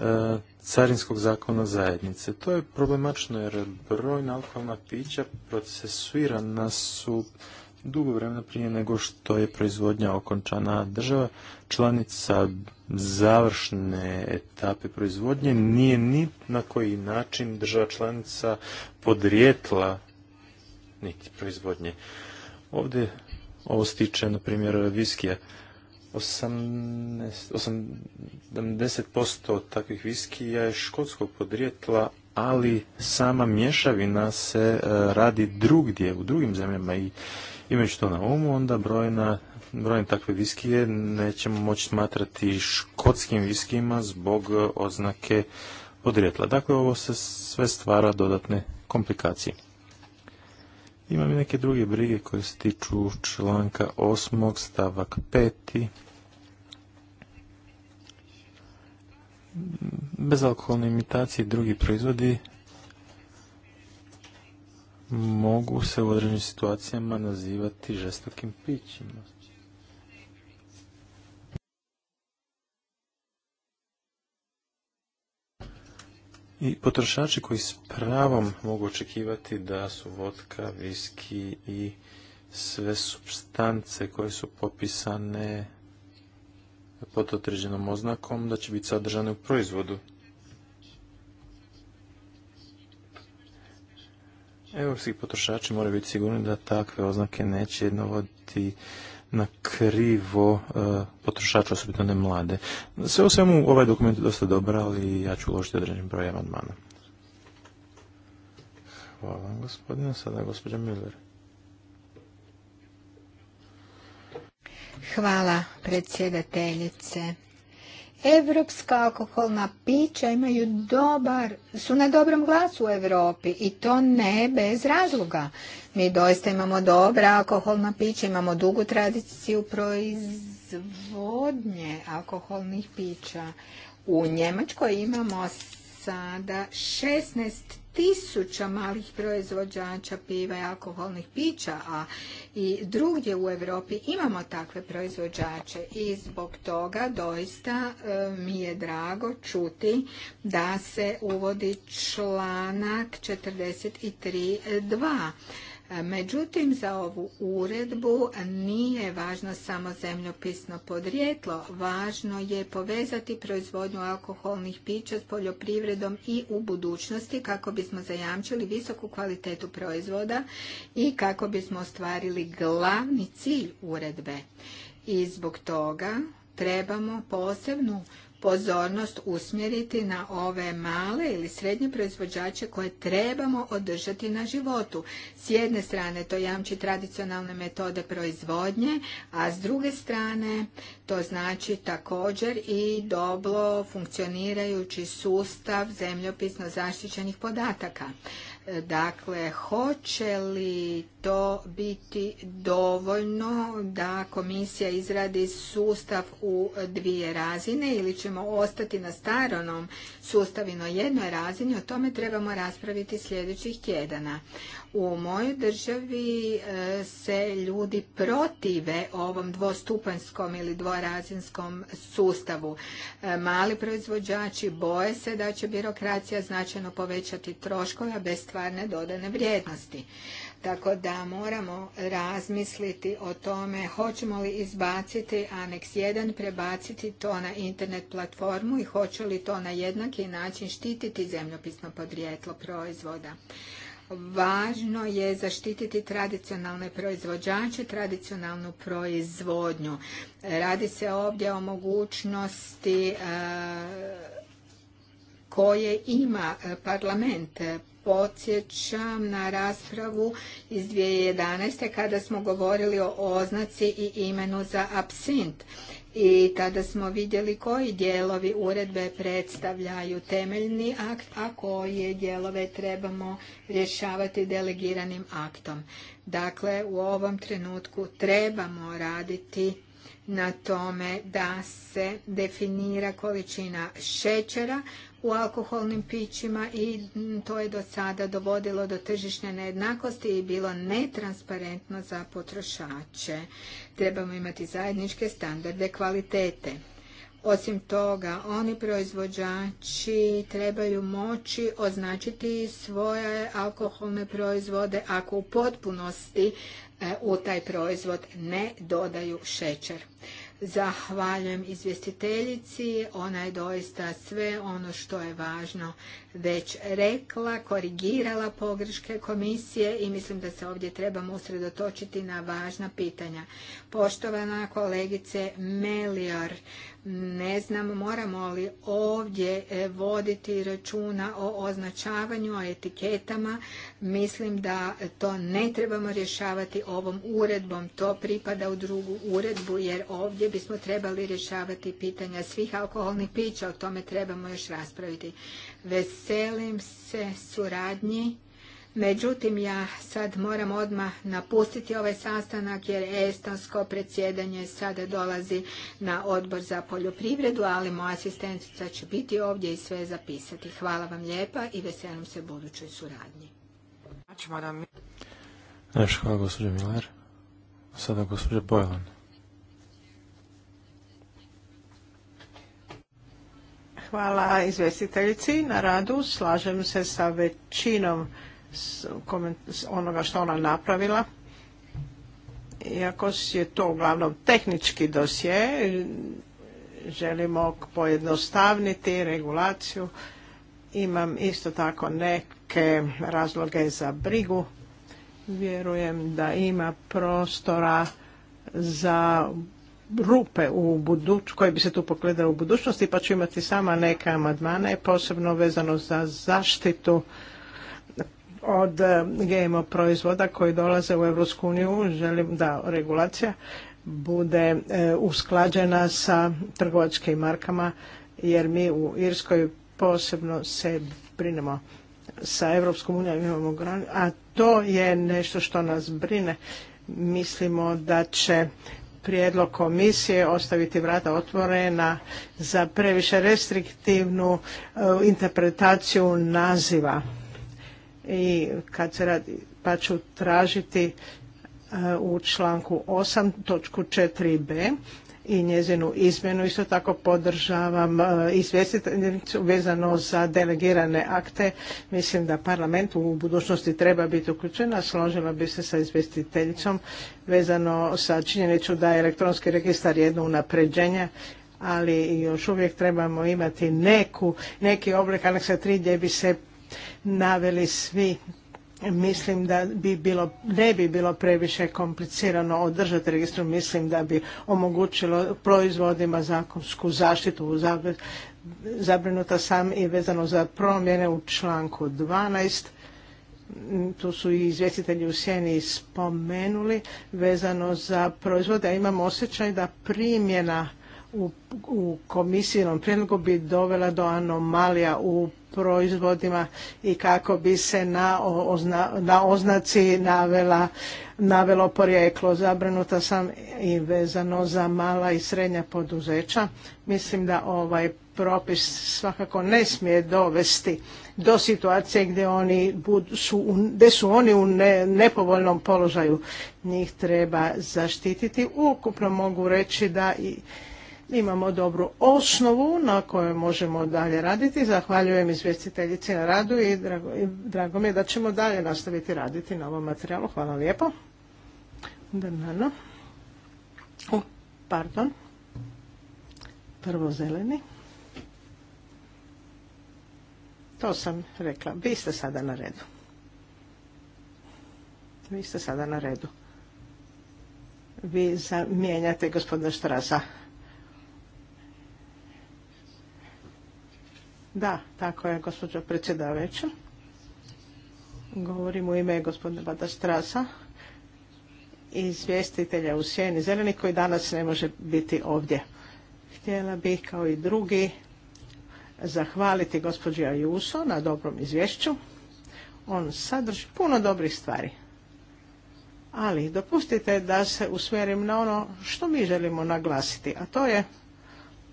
C: eh, carinskog zakona zajednice. To je problemačno jer brojna alkoholna pića procesuirana su dugo vremena prije nego što je proizvodnja okončana država članica završne etape proizvodnje nije ni na koji način država članica podrijetla niti proizvodnje. Ovdje ovo stiče, na primjer, viskija. 80%, posto takvih viskija je škotskog podrijetla, ali sama mješavina se e, radi drugdje, u drugim zemljama i imajući to na umu, onda brojna brojne takve viskije nećemo moći smatrati škotskim viskijima zbog e, oznake podrijetla. Dakle, ovo se sve stvara dodatne komplikacije. Imam i neke druge brige koje se tiču članka 8. stavak 5. Bezalkoholne imitacije i drugi proizvodi mogu se u određenim situacijama nazivati žestokim pićima. I potrošači koji s pravom mogu očekivati da su vodka, viski i sve substance koje su popisane pod određenom oznakom da će biti sadržane u proizvodu. Europski potrošači moraju biti sigurni da takve oznake neće jednovoditi na krivo e, potrošača, osobito ne mlade. Sve u svemu ovaj dokument je dosta dobar, ali ja ću uložiti određen broj amandmana. Hvala vam gospodine, sada gospođa Miller.
A: Hvala predsjedateljice. Evropska alkoholna pića imaju dobar, su na dobrom glasu u Europi i to ne bez razloga. Mi doista imamo dobra alkoholna pića, imamo dugu tradiciju proizvodnje alkoholnih pića. U Njemačkoj imamo sada 16 tisuća malih proizvođača piva i alkoholnih pića, a i drugdje u Europi imamo takve proizvođače i zbog toga doista e, mi je drago čuti da se uvodi članak 43.2 Međutim, za ovu uredbu nije važno samo zemljopisno podrijetlo, važno je povezati proizvodnju alkoholnih pića s poljoprivredom i u budućnosti kako bismo zajamčili visoku kvalitetu proizvoda i kako bismo ostvarili glavni cilj uredbe. I zbog toga trebamo posebnu pozornost usmjeriti na ove male ili srednje proizvođače koje trebamo održati na životu. S jedne strane to jamči tradicionalne metode proizvodnje, a s druge strane to znači također i dobro funkcionirajući sustav zemljopisno zaštićenih podataka. Dakle, hoće li to biti dovoljno da komisija izradi sustav u dvije razine ili ćemo ostati na staronom na jednoj razini? O tome trebamo raspraviti sljedećih tjedana. U mojoj državi e, se ljudi protive ovom dvostupanskom ili dvorazinskom sustavu. E, mali proizvođači boje se da će birokracija značajno povećati troškove bez stvarne dodane vrijednosti. Tako da moramo razmisliti o tome hoćemo li izbaciti aneks 1, prebaciti to na internet platformu i hoće li to na jednaki način štititi zemljopisno podrijetlo proizvoda. Važno je zaštititi tradicionalne proizvođače, tradicionalnu proizvodnju. Radi se ovdje o mogućnosti e, koje ima e, parlament podsjećam na raspravu iz 2011. kada smo govorili o oznaci i imenu za absint i tada smo vidjeli koji dijelovi uredbe predstavljaju temeljni akt, a koje dijelove trebamo rješavati delegiranim aktom. Dakle, u ovom trenutku trebamo raditi na tome da se definira količina šećera u alkoholnim pićima i to je do sada dovodilo do tržišne nejednakosti i bilo netransparentno za potrošače. Trebamo imati zajedničke standarde kvalitete. Osim toga, oni proizvođači trebaju moći označiti svoje alkoholne proizvode ako u potpunosti e, u taj proizvod ne dodaju šećer. Zahvaljujem izvjestiteljici, ona je doista sve ono što je važno već rekla, korigirala pogreške komisije i mislim da se ovdje trebamo usredotočiti na važna pitanja. Poštovana kolegice Melior, ne znam moramo li ovdje e, voditi računa o označavanju, o etiketama. Mislim da to ne trebamo rješavati ovom uredbom. To pripada u drugu uredbu jer ovdje bismo trebali rješavati pitanja svih alkoholnih pića. O tome trebamo još raspraviti. Veselim se suradnji Međutim, ja sad moram odmah napustiti ovaj sastanak jer estonsko predsjedanje sada dolazi na odbor za poljoprivredu, ali moja asistentica će biti ovdje i sve zapisati. Hvala vam lijepa i veselim se budućoj suradnji.
B: Hvala
C: gospođa Milar. Sada gospođa Bojlan.
B: Hvala izvjestiteljici na radu. Slažem se sa većinom onoga što ona napravila. Iako je to uglavnom tehnički dosje, želimo pojednostavniti regulaciju. Imam isto tako neke razloge za brigu. Vjerujem da ima prostora za rupe u budućnosti koje bi se tu pogledale u budućnosti, pa ću imati sama neke amadmane, posebno vezano za zaštitu od e, GMO proizvoda koji dolaze u Europsku uniju, želim da regulacija bude e, usklađena sa trgovačkim markama jer mi u Irskoj posebno se brinemo sa EU unijom imamo grani, a to je nešto što nas brine. Mislimo da će prijedlog komisije ostaviti vrata otvorena za previše restriktivnu e, interpretaciju naziva i kad se radi, pa ću tražiti e, u članku 8 točku 4b i njezinu izmjenu. Isto tako podržavam e, izvjestiteljicu vezano za delegirane akte. Mislim da parlament u budućnosti treba biti uključena, složila bi se sa izvjestiteljicom vezano sa činjenicu da je elektronski registar jedno unapređenje ali još uvijek trebamo imati neku, neki oblik aneksa 3 gdje bi se naveli svi mislim da bi bilo, ne bi bilo previše komplicirano održati registru, mislim da bi omogućilo proizvodima zakonsku zaštitu u zabrinuta sam i vezano za promjene u članku 12 tu su i izvjestitelji u sjeni spomenuli vezano za proizvode. Imam osjećaj da primjena u, u komisijnom prijedlogu bi dovela do anomalija u proizvodima i kako bi se na, oznaci navela, navelo porijeklo. Zabranuta sam i vezano za mala i srednja poduzeća. Mislim da ovaj propis svakako ne smije dovesti do situacije gdje oni su, su oni u nepovoljnom položaju. Njih treba zaštititi. Ukupno mogu reći da i imamo dobru osnovu na kojoj možemo dalje raditi. Zahvaljujem izvjestiteljici na radu i drago, mi je da ćemo dalje nastaviti raditi na ovom materijalu. Hvala lijepo. Danano. pardon. Prvo zeleni. To sam rekla. Vi ste sada na redu. Vi ste sada na redu. Vi zamijenjate gospodina Štrasa. Da, tako je, gospođo predsjedavajuća. Govorim u ime gospodina Strasa, izvjestitelja u Sjeni Zeleni, koji danas ne može biti ovdje. Htjela bih, kao i drugi, zahvaliti gospođi Ajuso na dobrom izvješću. On sadrži puno dobrih stvari. Ali dopustite da se usmjerim na ono što mi želimo naglasiti, a to je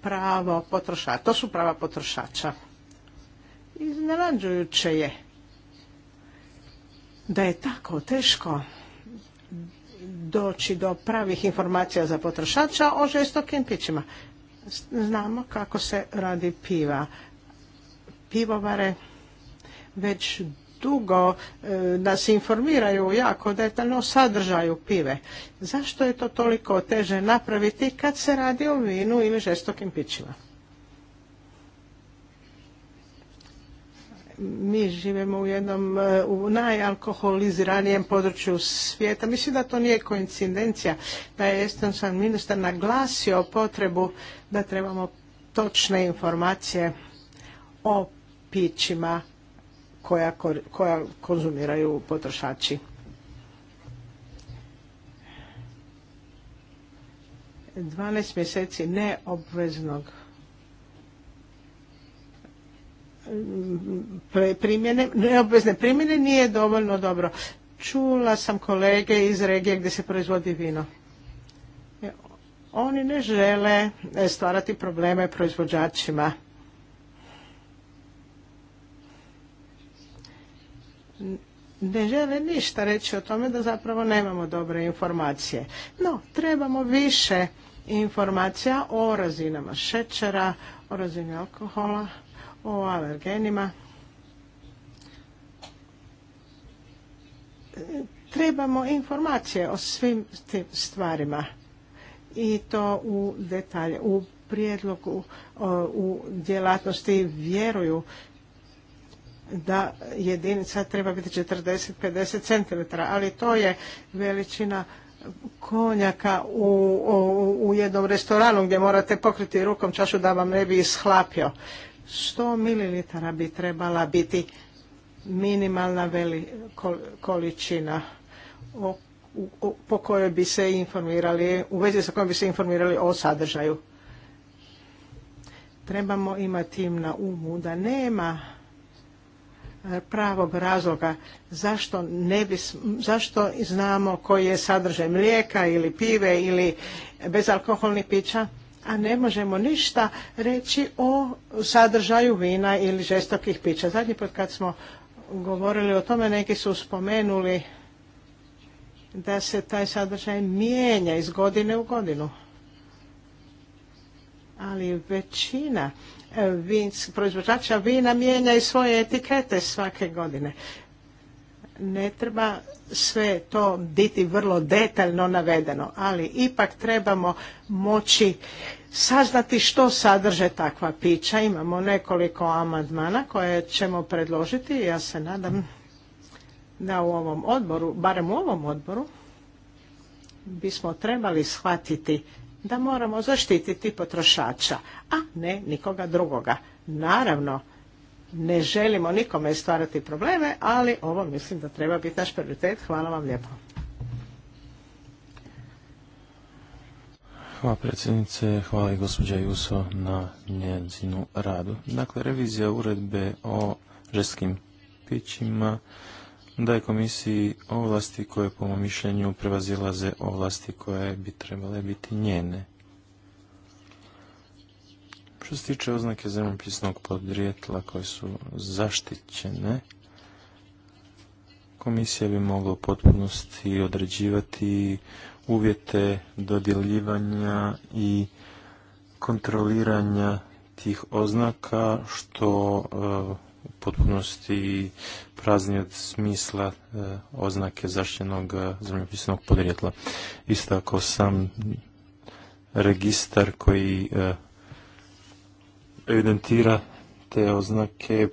B: pravo potrošača. To su prava potrošača. Iznenađujuće je da je tako teško doći do pravih informacija za potrošača o žestokim pićima. Znamo kako se radi piva. Pivovare već dugo e, nas informiraju jako detaljno o sadržaju pive. Zašto je to toliko teže napraviti kad se radi o vinu ili žestokim pićima? mi živimo u jednom e, u najalkoholiziranijem području svijeta. Mislim da to nije koincidencija da je Estonsan ministar naglasio potrebu da trebamo točne informacije o pićima koja, koja konzumiraju potrošači. Dvanaest mjeseci neobveznog primjene, neobvezne primjene nije dovoljno dobro. Čula sam kolege iz regije gdje se proizvodi vino. E, oni ne žele e, stvarati probleme proizvođačima. ne žele ništa reći o tome da zapravo nemamo dobre informacije. No, trebamo više informacija o razinama šećera, o razini alkohola, o alergenima. Trebamo informacije o svim tim stvarima i to u detalje, u prijedlogu, u djelatnosti vjeruju da jedinica treba biti 40-50 cm, ali to je veličina konjaka u, u, u jednom restoranu gdje morate pokriti rukom čašu da vam ne bi ishlapio sto mililitara bi trebala biti minimalna količina po kojoj bi se informirali, u vezi sa kojom bi se informirali o sadržaju. Trebamo imati na umu da nema e, pravog razloga zašto, ne zašto znamo koji je sadržaj mlijeka ili pive ili bezalkoholnih pića a ne možemo ništa reći o sadržaju vina ili žestokih pića. Zadnji put kad smo govorili o tome, neki su spomenuli da se taj sadržaj mijenja iz godine u godinu. Ali većina e, proizvođača vina mijenja i svoje etikete svake godine. Ne treba sve to biti vrlo detaljno navedeno, ali ipak trebamo moći saznati što sadrže takva pića. Imamo nekoliko amandmana koje ćemo predložiti i ja se nadam da u ovom odboru, barem u ovom odboru, bismo trebali shvatiti da moramo zaštititi potrošača, a ne nikoga drugoga. Naravno, ne želimo nikome stvarati probleme, ali ovo mislim da treba biti naš prioritet. Hvala vam lijepo.
C: Hvala predsjednice, hvala i gospođa Juso na njezinu radu. Dakle, revizija uredbe o žestkim pićima daje komisiji ovlasti koje po mom mišljenju prevazilaze ovlasti koje bi trebale biti njene. Što se tiče oznake zemljopisnog podrijetla koje su zaštićene, komisija bi mogla u potpunosti određivati uvjete dodjeljivanja i kontroliranja tih oznaka što e, u potpunosti prazni od smisla e, oznake zaštićenog e, zemljopisnog podrijetla. Isto tako sam registar koji evidentira oznake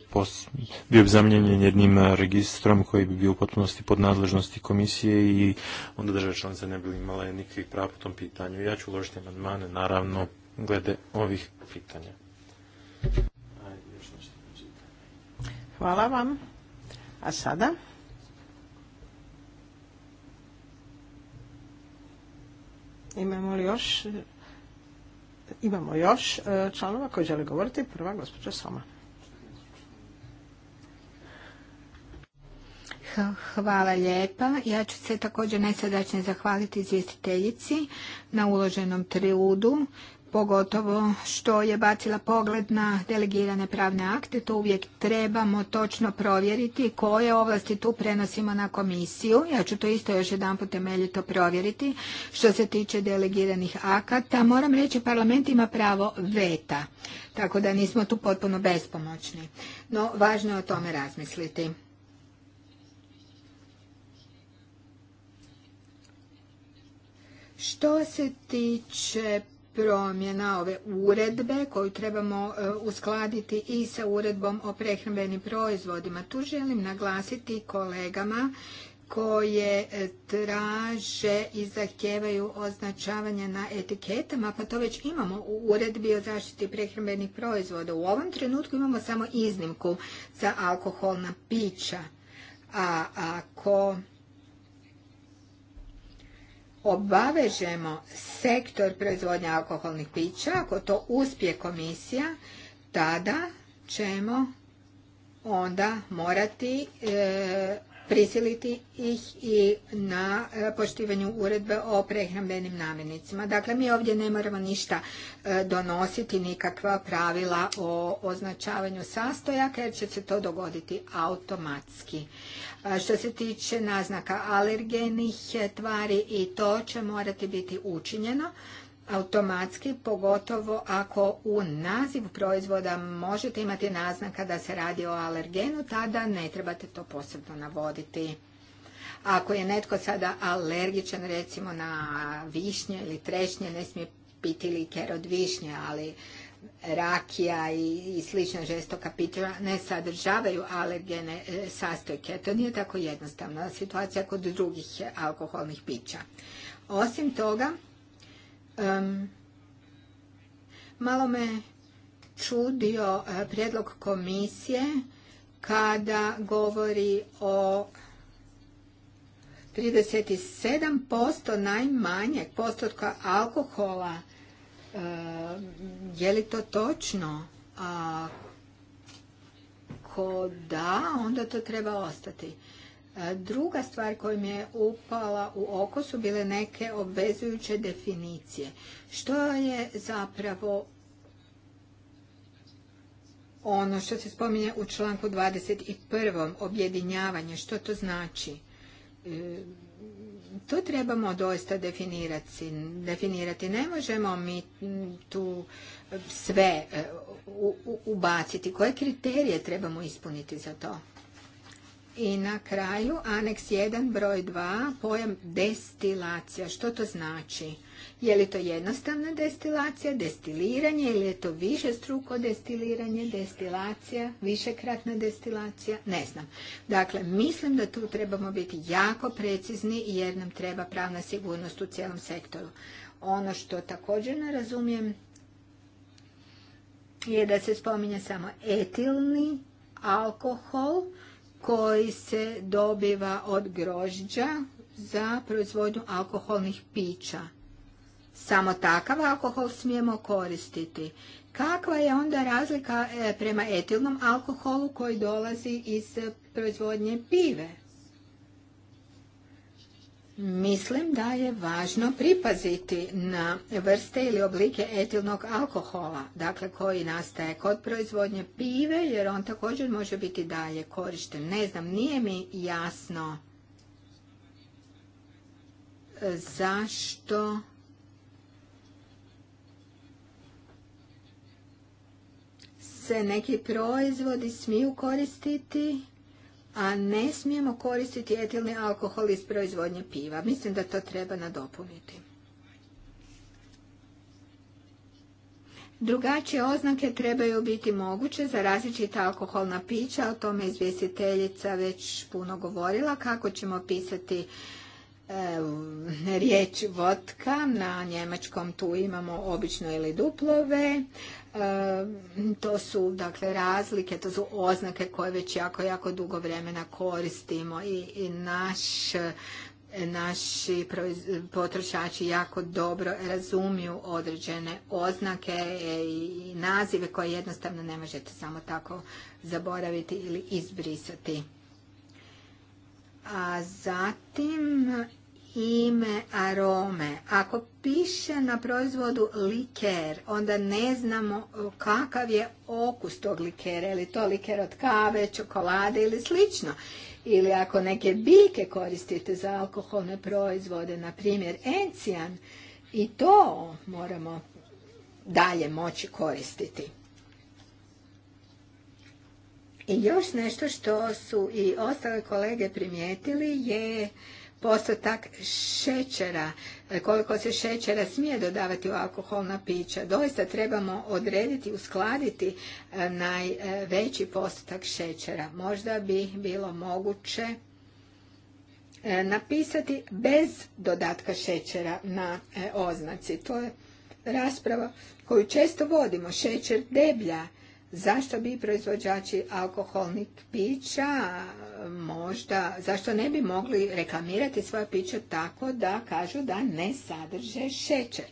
C: bio bi zamljenjen jednim e, registrom koji bi bio u potpunosti pod nadležnosti komisije i onda države članice ne bi imale nikakvih prava po tom pitanju. Ja ću uložiti amandmane, naravno, glede ovih pitanja.
B: Hvala vam. A sada? Imamo li još imamo još e, članova koji žele govoriti. Prva gospođa Soma. Hvala
A: lijepa. Ja ću se također najsadačnije zahvaliti izvjestiteljici na uloženom trudu, pogotovo što je bacila pogled na delegirane pravne akte. To uvijek trebamo točno provjeriti koje ovlasti tu prenosimo na komisiju. Ja ću to isto još jedan put temeljito provjeriti. Što se tiče delegiranih akata, moram reći parlament ima pravo veta, tako da nismo tu potpuno bespomoćni. No, važno je o tome razmisliti. Što se tiče promjena ove uredbe koju trebamo e, uskladiti i sa uredbom o prehrambenim proizvodima, tu želim naglasiti kolegama koje e, traže i zahtijevaju označavanje na etiketama, pa to već imamo u uredbi o zaštiti prehrambenih proizvoda. U ovom trenutku imamo samo iznimku za alkoholna pića. A ako obavežemo sektor proizvodnje alkoholnih pića, ako to uspije komisija, tada ćemo onda morati e, prisiliti ih i na e, poštivanju uredbe o prehrambenim namjenicima. Dakle, mi ovdje ne moramo ništa e, donositi, nikakva pravila o označavanju sastojaka, jer će se to dogoditi automatski što se tiče naznaka alergenih e, tvari i to će morati biti učinjeno automatski, pogotovo ako u nazivu proizvoda možete imati naznaka da se radi o alergenu, tada ne trebate to posebno navoditi. Ako je netko sada alergičan recimo na višnje ili trešnje, ne smije piti liker od višnje, ali rakija i, slična žestoka pića ne sadržavaju alergene e, sastojke. To nije tako jednostavna situacija kod drugih alkoholnih pića. Osim toga, malo me čudio e, prijedlog komisije kada govori o 37% najmanjeg postotka alkohola Eh, je li to točno? Ako da, onda to treba ostati. Eh, druga stvar koja mi je upala u oko su bile neke obvezujuće definicije. Što je zapravo ono što se spominje u članku 21. objedinjavanje, što to znači? Eh, to trebamo doista definirati. definirati. Ne možemo mi tu e, sve e, ubaciti. Koje kriterije trebamo ispuniti za to? I na kraju, aneks 1, broj 2, pojam destilacija. Što to znači? Je li to jednostavna destilacija, destiliranje ili je to više struko destiliranje, destilacija, višekratna destilacija? Ne znam. Dakle, mislim da tu trebamo biti jako precizni jer nam treba pravna sigurnost u cijelom sektoru. Ono što također ne razumijem je da se spominje samo etilni alkohol, koji se dobiva od grožđa za proizvodnju alkoholnih pića. Samo takav alkohol smijemo koristiti. Kakva je onda razlika e, prema etilnom alkoholu koji dolazi iz proizvodnje pive? Mislim da je važno pripaziti na vrste ili oblike etilnog alkohola, dakle koji nastaje kod proizvodnje pive, jer on također može biti dalje korišten. Ne znam, nije mi jasno e, zašto se neki proizvodi smiju koristiti a ne smijemo koristiti etilni alkohol iz proizvodnje piva. Mislim da to treba nadopuniti. Drugačije oznake trebaju biti moguće za različita alkoholna pića, o tome izvjestiteljica već puno govorila, kako ćemo pisati e, riječ vodka, na njemačkom tu imamo obično ili duplove, to su dakle razlike, to su oznake koje već jako, jako dugo vremena koristimo i, i naš naši potrošači jako dobro razumiju određene oznake e, i nazive koje jednostavno ne možete samo tako zaboraviti ili izbrisati. A zatim ime arome. Ako piše na proizvodu liker, onda ne znamo e, kakav je okus tog likera, ili to liker od kave, čokolade ili slično. Ili ako neke biljke koristite za alkoholne proizvode, na primjer encijan, i to moramo dalje moći koristiti. I još nešto što su i ostale kolege primijetili je postotak šećera, e, koliko se šećera smije dodavati u alkoholna pića. Doista trebamo odrediti, uskladiti e, najveći postotak šećera. Možda bi bilo moguće e, napisati bez dodatka šećera na oznaci. To je rasprava koju često vodimo. Šećer deblja. Zašto bi proizvođači alkoholnih pića možda, zašto ne bi mogli reklamirati svoje piće tako da kažu da ne sadrže šećer.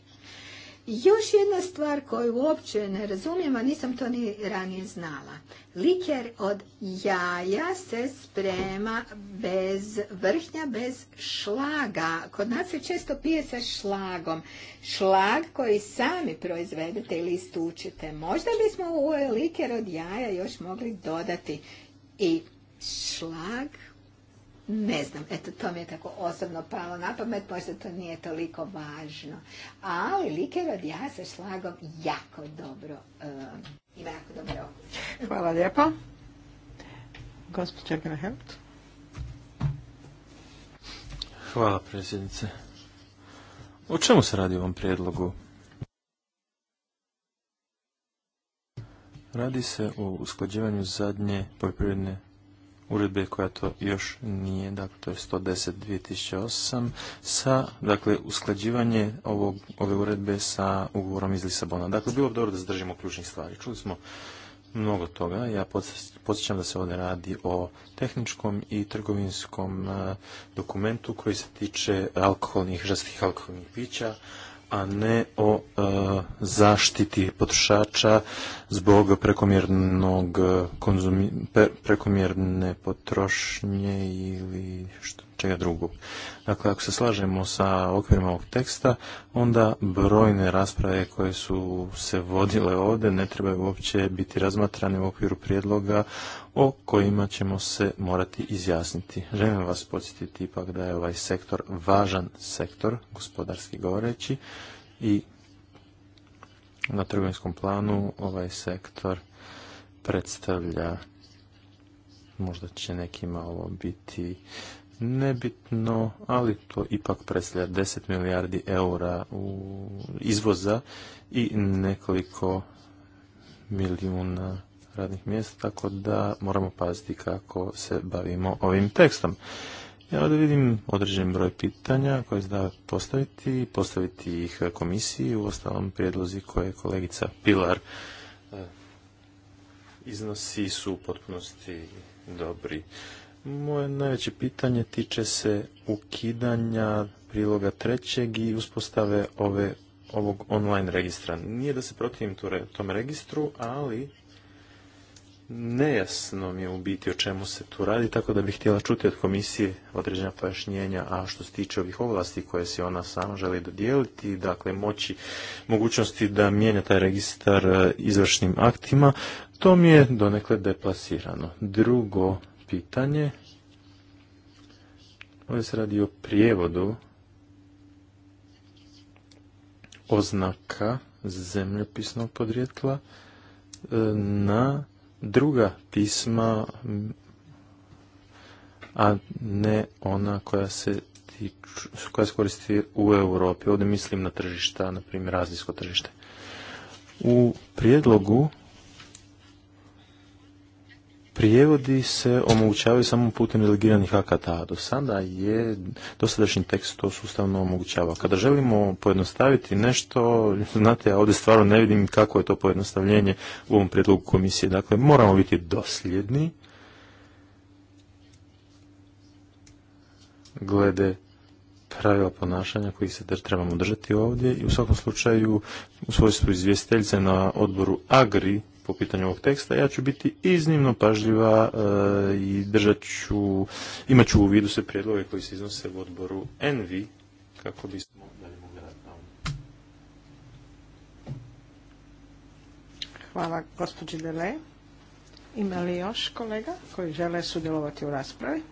A: Još jedna stvar koju uopće ne razumijem, a nisam to ni ranije znala. Liker od jaja se sprema bez vrhnja, bez šlaga. Kod nas se često pije sa šlagom. Šlag koji sami proizvedete ili istučite. Možda bismo u ovaj liker od jaja još mogli dodati i šlag, ne znam, eto to mi je tako osobno palo na pamet, možda to nije toliko važno. Ali liker od ja sa šlagom jako dobro, ima jako dobro
B: Hvala lijepo. Gospodin
C: Hvala predsjednice. O čemu se radi ovom prijedlogu? Radi se o usklađivanju zadnje poljoprivredne uredbe koja to još nije, dakle to je 110.2008, sa, dakle, usklađivanje ovog, ove uredbe sa ugovorom iz Lisabona. Dakle, bilo bi dobro da zadržimo ključnih stvari. Čuli smo mnogo toga. Ja podsjećam da se ovdje radi o tehničkom i trgovinskom eh, dokumentu koji se tiče alkoholnih, žastih alkoholnih pića, a ne o e, zaštiti potrošača zbog prekomjernog e, prekomjerne potrošnje ili što, čega drugog. Dakle, ako se slažemo sa okvirima ovog teksta, onda brojne rasprave koje su se vodile ovdje ne trebaju uopće biti razmatrane u okviru prijedloga o kojima ćemo se morati izjasniti. Želim vas podsjetiti ipak da je ovaj sektor važan sektor, gospodarski govoreći, i na trgovinskom planu ovaj sektor predstavlja, možda će nekima ovo biti nebitno, ali to ipak predstavlja 10 milijardi eura u izvoza i nekoliko milijuna radnih mjesta, tako da moramo paziti kako se bavimo ovim tekstom. Ja ovdje vidim određen broj pitanja koje se da postaviti, postaviti ih komisiji, u ostalom prijedlozi koje kolegica Pilar e, iznosi su u potpunosti dobri. Moje najveće pitanje tiče se ukidanja priloga trećeg i uspostave ove, ovog online registra. Nije da se protivim tom registru, ali nejasno mi je u biti o čemu se tu radi, tako da bih htjela čuti od komisije određena pojašnjenja, a što se tiče ovih ovlasti koje se ona sama želi dodijeliti, dakle moći, mogućnosti da mijenja taj registar e, izvršnim aktima, to mi je donekle deplasirano. Drugo pitanje, ovdje se radi o prijevodu oznaka zemljopisnog podrijetla e, na druga pisma, a ne ona koja se koja se koristi u Europi. Ovdje mislim na tržišta, na primjer, azijsko tržište. U prijedlogu prijevodi se omogućavaju samo putem delegiranih akata, a do sada je dosadašnji tekst to sustavno omogućava. Kada želimo pojednostaviti nešto, znate, ja ovdje stvarno ne vidim kako je to pojednostavljenje u ovom prijedlogu komisije. Dakle, moramo biti dosljedni glede pravila ponašanja kojih se trebamo držati ovdje i u svakom slučaju u svojstvu izvjestiteljice na odboru AGRI po pitanju ovog teksta, ja ću biti iznimno pažljiva e, i držat ću, imat ću u vidu sve prijedloge koji se iznose u odboru Envi, kako bismo dalje mogli raditi.
B: Hvala gospođi Dele. Ima li još kolega koji žele sudjelovati u raspravi?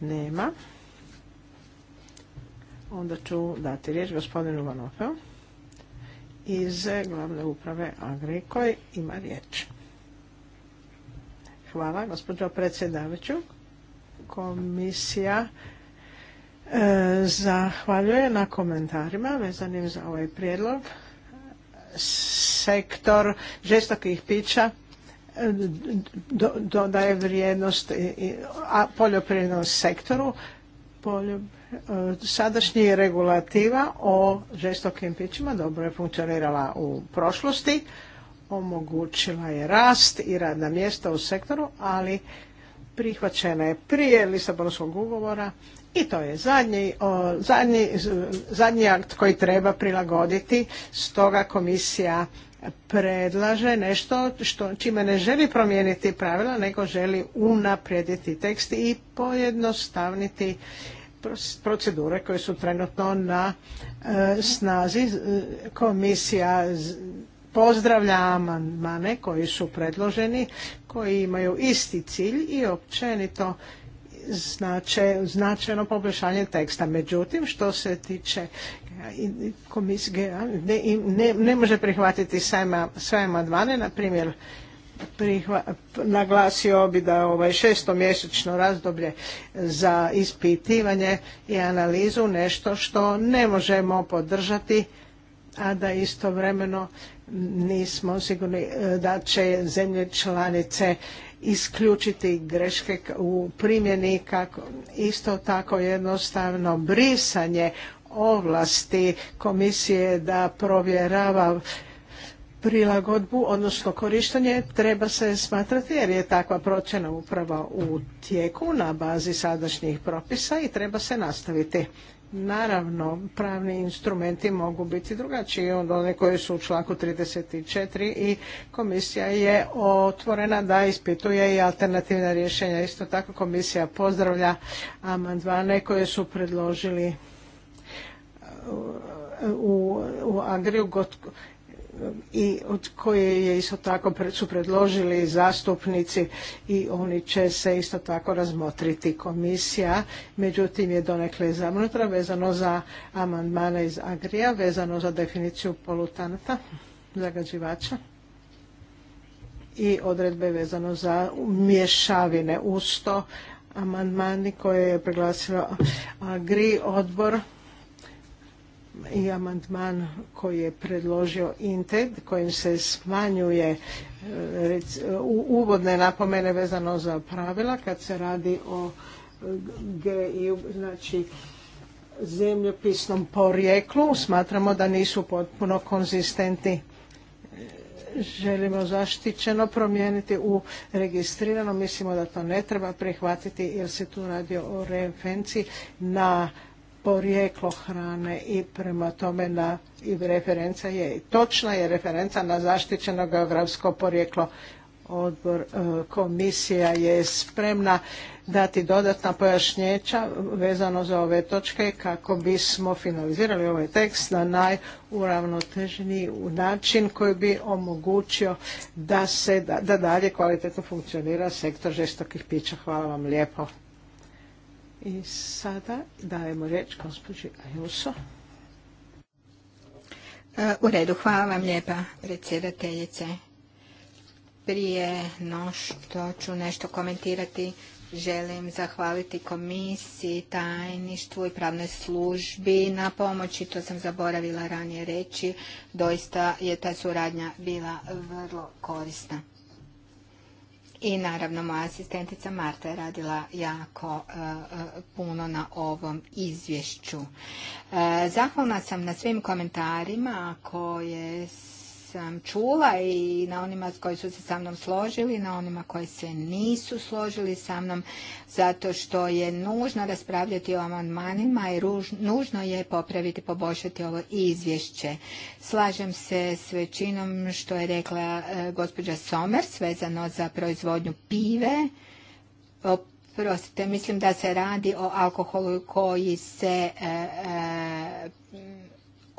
B: Nema. Onda ću dati riječ gospodinu Vanofeu iz glavne uprave agrikoj ima riječ. Hvala, gospođo predsjedavajuću. Komisija Zahvaljujem zahvaljuje na komentarima vezanim za ovaj prijedlog. Sektor žestokih pića e, dodaje vrijednost a poljoprivrednom sektoru sadašnji regulativa o žestokim pićima dobro je funkcionirala u prošlosti, omogućila je rast i radna mjesta u sektoru, ali prihvaćena je prije Lisabonskog ugovora i to je zadnji, zadnji, akt koji treba prilagoditi, stoga komisija predlaže nešto što, čime ne želi promijeniti pravila, nego želi unaprijediti tekst i pojednostavniti procedure koje su trenutno na e, snazi. Komisija pozdravlja amandmane koji su predloženi, koji imaju isti cilj i općenito znače, značajno poboljšanje teksta. Međutim, što se tiče e, komisije, ne, može prihvatiti sve amandmane, na primjer prihva, naglasio bi da ovaj šestomjesečno razdoblje za ispitivanje i analizu nešto što ne možemo podržati, a da istovremeno nismo sigurni e, da će zemlje članice isključiti greške u primjeni kako isto tako jednostavno brisanje ovlasti komisije da provjerava prilagodbu, odnosno korištenje treba se smatrati jer je takva procjena uprava u tijeku na bazi sadašnjih propisa i treba se nastaviti. Naravno, pravni instrumenti mogu biti drugačiji od one koje su u članku 34 i komisija je otvorena da ispituje i alternativna rješenja. Isto tako komisija pozdravlja amandmane koje su predložili u, u Agriju i od koje je isto tako su predložili zastupnici i oni će se isto tako razmotriti komisija. Međutim je donekle zamnutra vezano za amandmane iz Agrija, vezano za definiciju polutanta, zagađivača i odredbe vezano za mješavine. usto to amandmani koje je preglasio Agri odbor i amandman koji je predložio Inted kojim se smanjuje e, uvodne napomene vezano za pravila kad se radi o GI, znači zemljopisnom porijeklu. Smatramo da nisu potpuno konzistentni. Želimo zaštićeno promijeniti u registrirano. Mislimo da to ne treba prihvatiti jer se tu radi o reinvenciji na porijeklo hrane i prema tome na i referenca je točna je referenca na zaštićeno geografsko porijeklo odbor e, komisija je spremna dati dodatna pojašnjenja vezano za ove točke kako bismo finalizirali ovaj tekst na najuravnotežniji način koji bi omogućio da se da, da dalje kvalitetno funkcionira sektor žestokih pića. Hvala vam lijepo. I sada dajemo reč gospođi Ajuso.
A: E, u redu, hvala vam lijepa predsjedateljice. Prije no što ću nešto komentirati, želim zahvaliti komisiji, tajništvu i pravnoj službi na pomoći, to sam zaboravila ranije reći, doista je ta suradnja bila vrlo korisna. I naravno moja asistentica Marta je radila jako e, e, puno na ovom izvješću. E, zahvalna sam na svim komentarima koje sam čula i na onima koji su se sa mnom složili, na onima koji se nisu složili sa mnom, zato što je nužno raspravljati o amandmanima i nužno je popraviti, poboljšati ovo izvješće. Slažem se s većinom što je rekla e, gospođa Somer, svezano za proizvodnju pive, o, Prostite, mislim da se radi o alkoholu koji se e, e,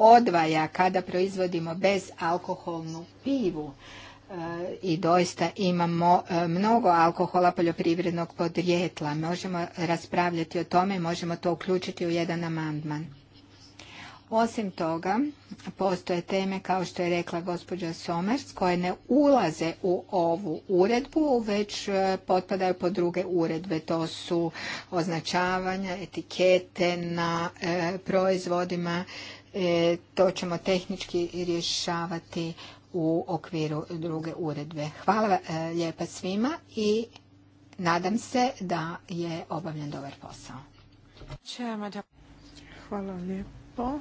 A: odvaja kada proizvodimo bezalkoholnu pivu e, i doista imamo e, mnogo alkohola poljoprivrednog podrijetla. Možemo raspravljati o tome i možemo to uključiti u jedan amandman. Osim toga, postoje teme, kao što je rekla gospođa Somers, koje ne ulaze u ovu uredbu, već e, potpadaju pod druge uredbe. To su označavanja, etikete na proizvodima, E, to ćemo tehnički rješavati u okviru druge uredbe. Hvala e, lijepa svima i nadam se da je obavljen dobar posao.
B: Hvala lijepo.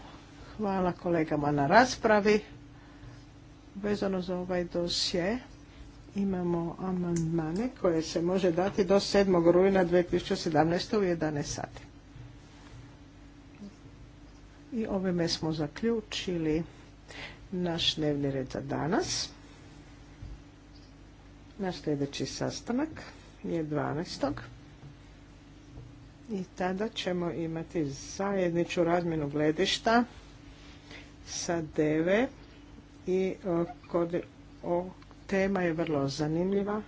B: Hvala kolegama na raspravi. Vezano za ovaj dosje imamo amandmane koje se može dati do 7. rujna 2017. u 11 sati. I ovime smo zaključili naš dnevni red za danas. Naš sljedeći sastanak je 12. I tada ćemo imati zajedniču razmjenu gledišta sa deve i kod, o, tema je vrlo zanimljiva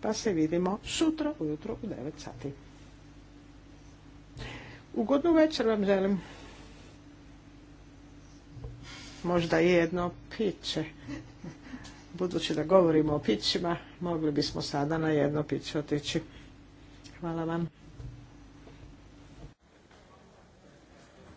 B: pa se vidimo sutra ujutro u 9 sati. Ugodnu večer vam želim možda i jedno piće. Budući da govorimo o pićima, mogli bismo sada na jedno piće otići. Hvala vam.